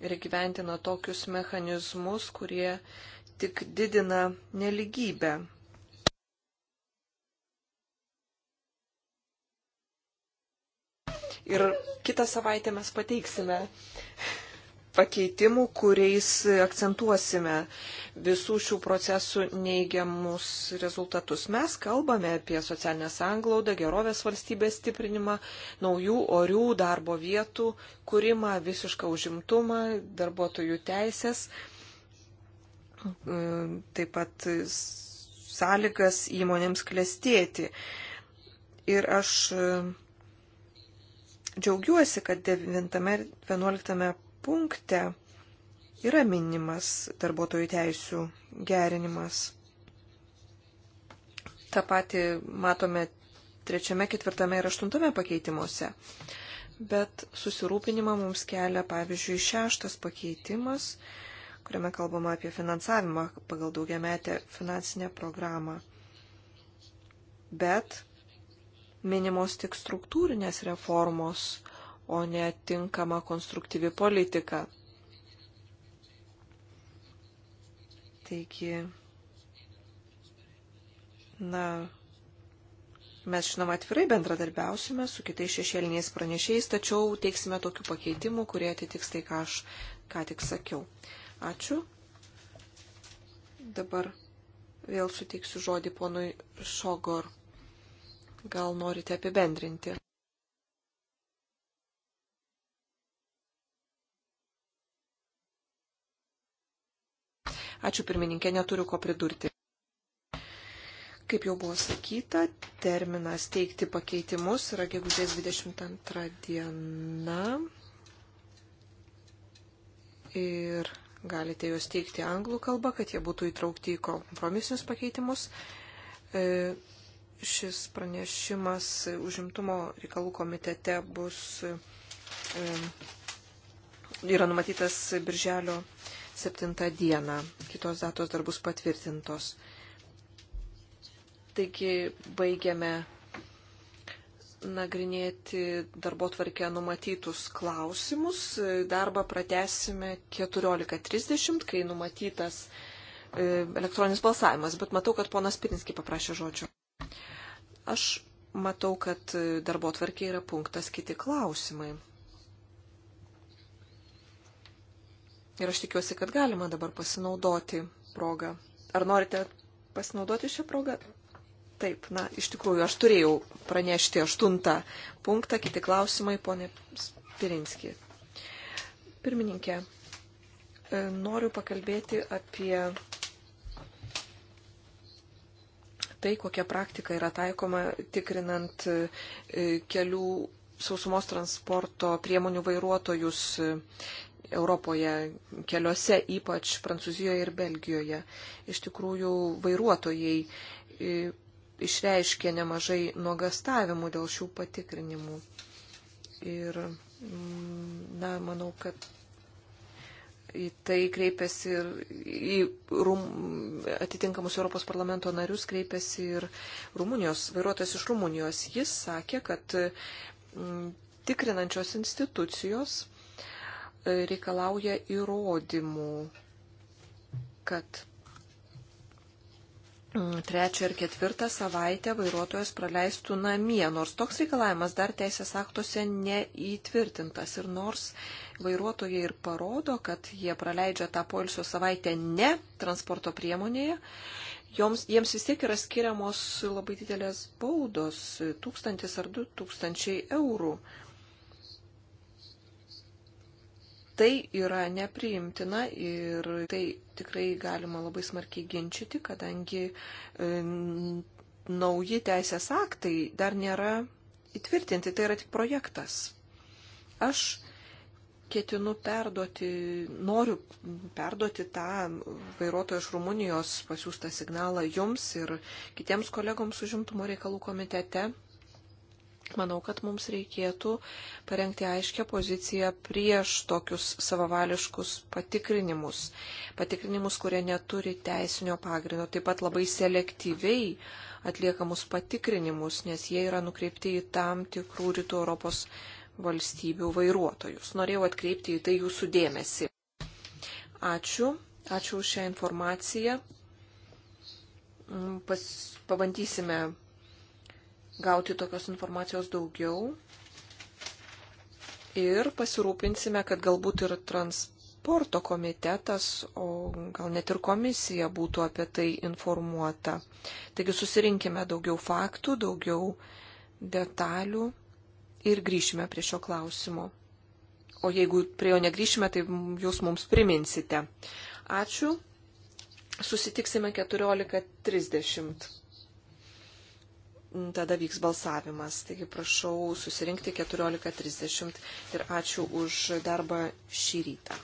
ir gyventina tokius mechanizmus, kurie tik didina neligybę. Ir kitą savaitę mes pateiksime pakeitimų, kuriais akcentuosime visų šių procesų neigiamus rezultatus. Mes kalbame apie socialinę sanglaudą, gerovės valstybės stiprinimą, naujų orių darbo vietų kūrimą, visišką užimtumą, darbuotojų teisės, mm, taip pat sąlygas įmonėms klestėti. Ir aš e, džiaugiuosi, kad 9 ir 11 punkte yra minimas darbuotojų teisų gerinimas. Ta pati matome trečiame, ketvirtame ir aštuntame pakeitimuose. Bet susirūpinimą mums kelia, pavyzdžiui, šeštas pakeitimas, kuriame kalbama apie finansavimą pagal daugiametę finansinę programą. Bet minimos tik struktūrinės reformos, o ne tinkama konstruktyvi politika. Taigi, na, mes žinoma atvirai bendradarbiausime su kitais šešėliniais pranešėjais, tačiau teiksime tokių pakeitimų, kurie atitiks tai, ką aš ką tik sakiau. Ačiū. Dabar vėl suteiksiu žodį ponui Šogor. Gal norite apibendrinti? Ačiū pirmininkė, neturiu ko pridurti. Kaip jau buvo sakyta, terminas teikti pakeitimus yra gegužės 22 diena. Ir galite juos teikti anglų kalbą, kad jie būtų įtraukti į kompromisinius pakeitimus. E, šis pranešimas užimtumo reikalų komitete bus, e, yra numatytas birželio 7 dieną. Kitos datos dar bus patvirtintos. Taigi baigiame nagrinėti darbo tvarkę numatytus klausimus. Darbą pratesime 14.30, kai numatytas e, elektroninis balsavimas, bet matau, kad ponas Pirinski paprašė žodžio. Aš matau, kad e, darbo tvarkė yra punktas kiti klausimai. Ir aš tikiuosi, kad galima dabar pasinaudoti progą. Ar norite pasinaudoti šią progą? Taip, na, iš tikrųjų, aš turėjau pranešti aštuntą punktą, kiti klausimai, ponė Pirinski. Pirmininkė, e, noriu pakalbėti apie tai, kokia praktika yra taikoma tikrinant e, kelių sausumos transporto priemonių vairuotojus Europoje keliuose, ypač Prancūzijoje ir Belgijoje. Iš tikrųjų, vairuotojai išreiškė nemažai nuogastavimų dėl šių patikrinimų. Ir, mm, na, manau, kad į tai kreipiasi ir į rum, atitinkamus Europos parlamento narius kreipiasi ir Rumunijos, vairuotojas iš Rumunijos. Jis sakė, kad m, mm, tikrinančios institucijos reikalauja įrodymų, kad mm, trečią ir ketvirtą savaitę vairuotojas praleistų namie, nors toks reikalavimas dar teisės aktuose neįtvirtintas. Ir nors vairuotojai ir parodo, kad jie praleidžia tą poilsio savaitę ne transporto priemonėje, joms, jiems vis tiek yra skiriamos labai didelės baudos - tūkstantis ar du tūkstančiai eurų. Tai yra nepriimtina ir tai tikrai galima labai smarkiai ginčyti, kadangi e, nauji teisės aktai dar nėra įtvirtinti, tai yra tik projektas. Aš ketinu perduoti, noriu perduoti tą vairuotojo iš Rumunijos pasiūstą signalą jums ir kitiems kolegoms užimtumo reikalų komitete Manau, kad mums reikėtų parengti aiškę poziciją prieš tokius savavališkus patikrinimus. Patikrinimus, kurie neturi teisinio pagrindo. Taip pat labai selektyviai atliekamus patikrinimus, nes jie yra nukreipti į tam tikrų rytų Europos valstybių vairuotojus. Norėjau atkreipti į tai jūsų dėmesį. Ačiū. Ačiū už šią informaciją. Mm, pas, pabandysime gauti tokios informacijos daugiau ir pasirūpinsime, kad galbūt ir transporto komitetas, o gal net ir komisija būtų apie tai informuota. Taigi susirinkime daugiau faktų, daugiau detalių ir grįšime prie šio klausimo. O jeigu prie jo negryšime, tai jūs mums priminsite. Ačiū. Susitiksime 14.30 tada vyks balsavimas. Taigi prašau susirinkti 14.30 ir ačiū už darbą šį rytą.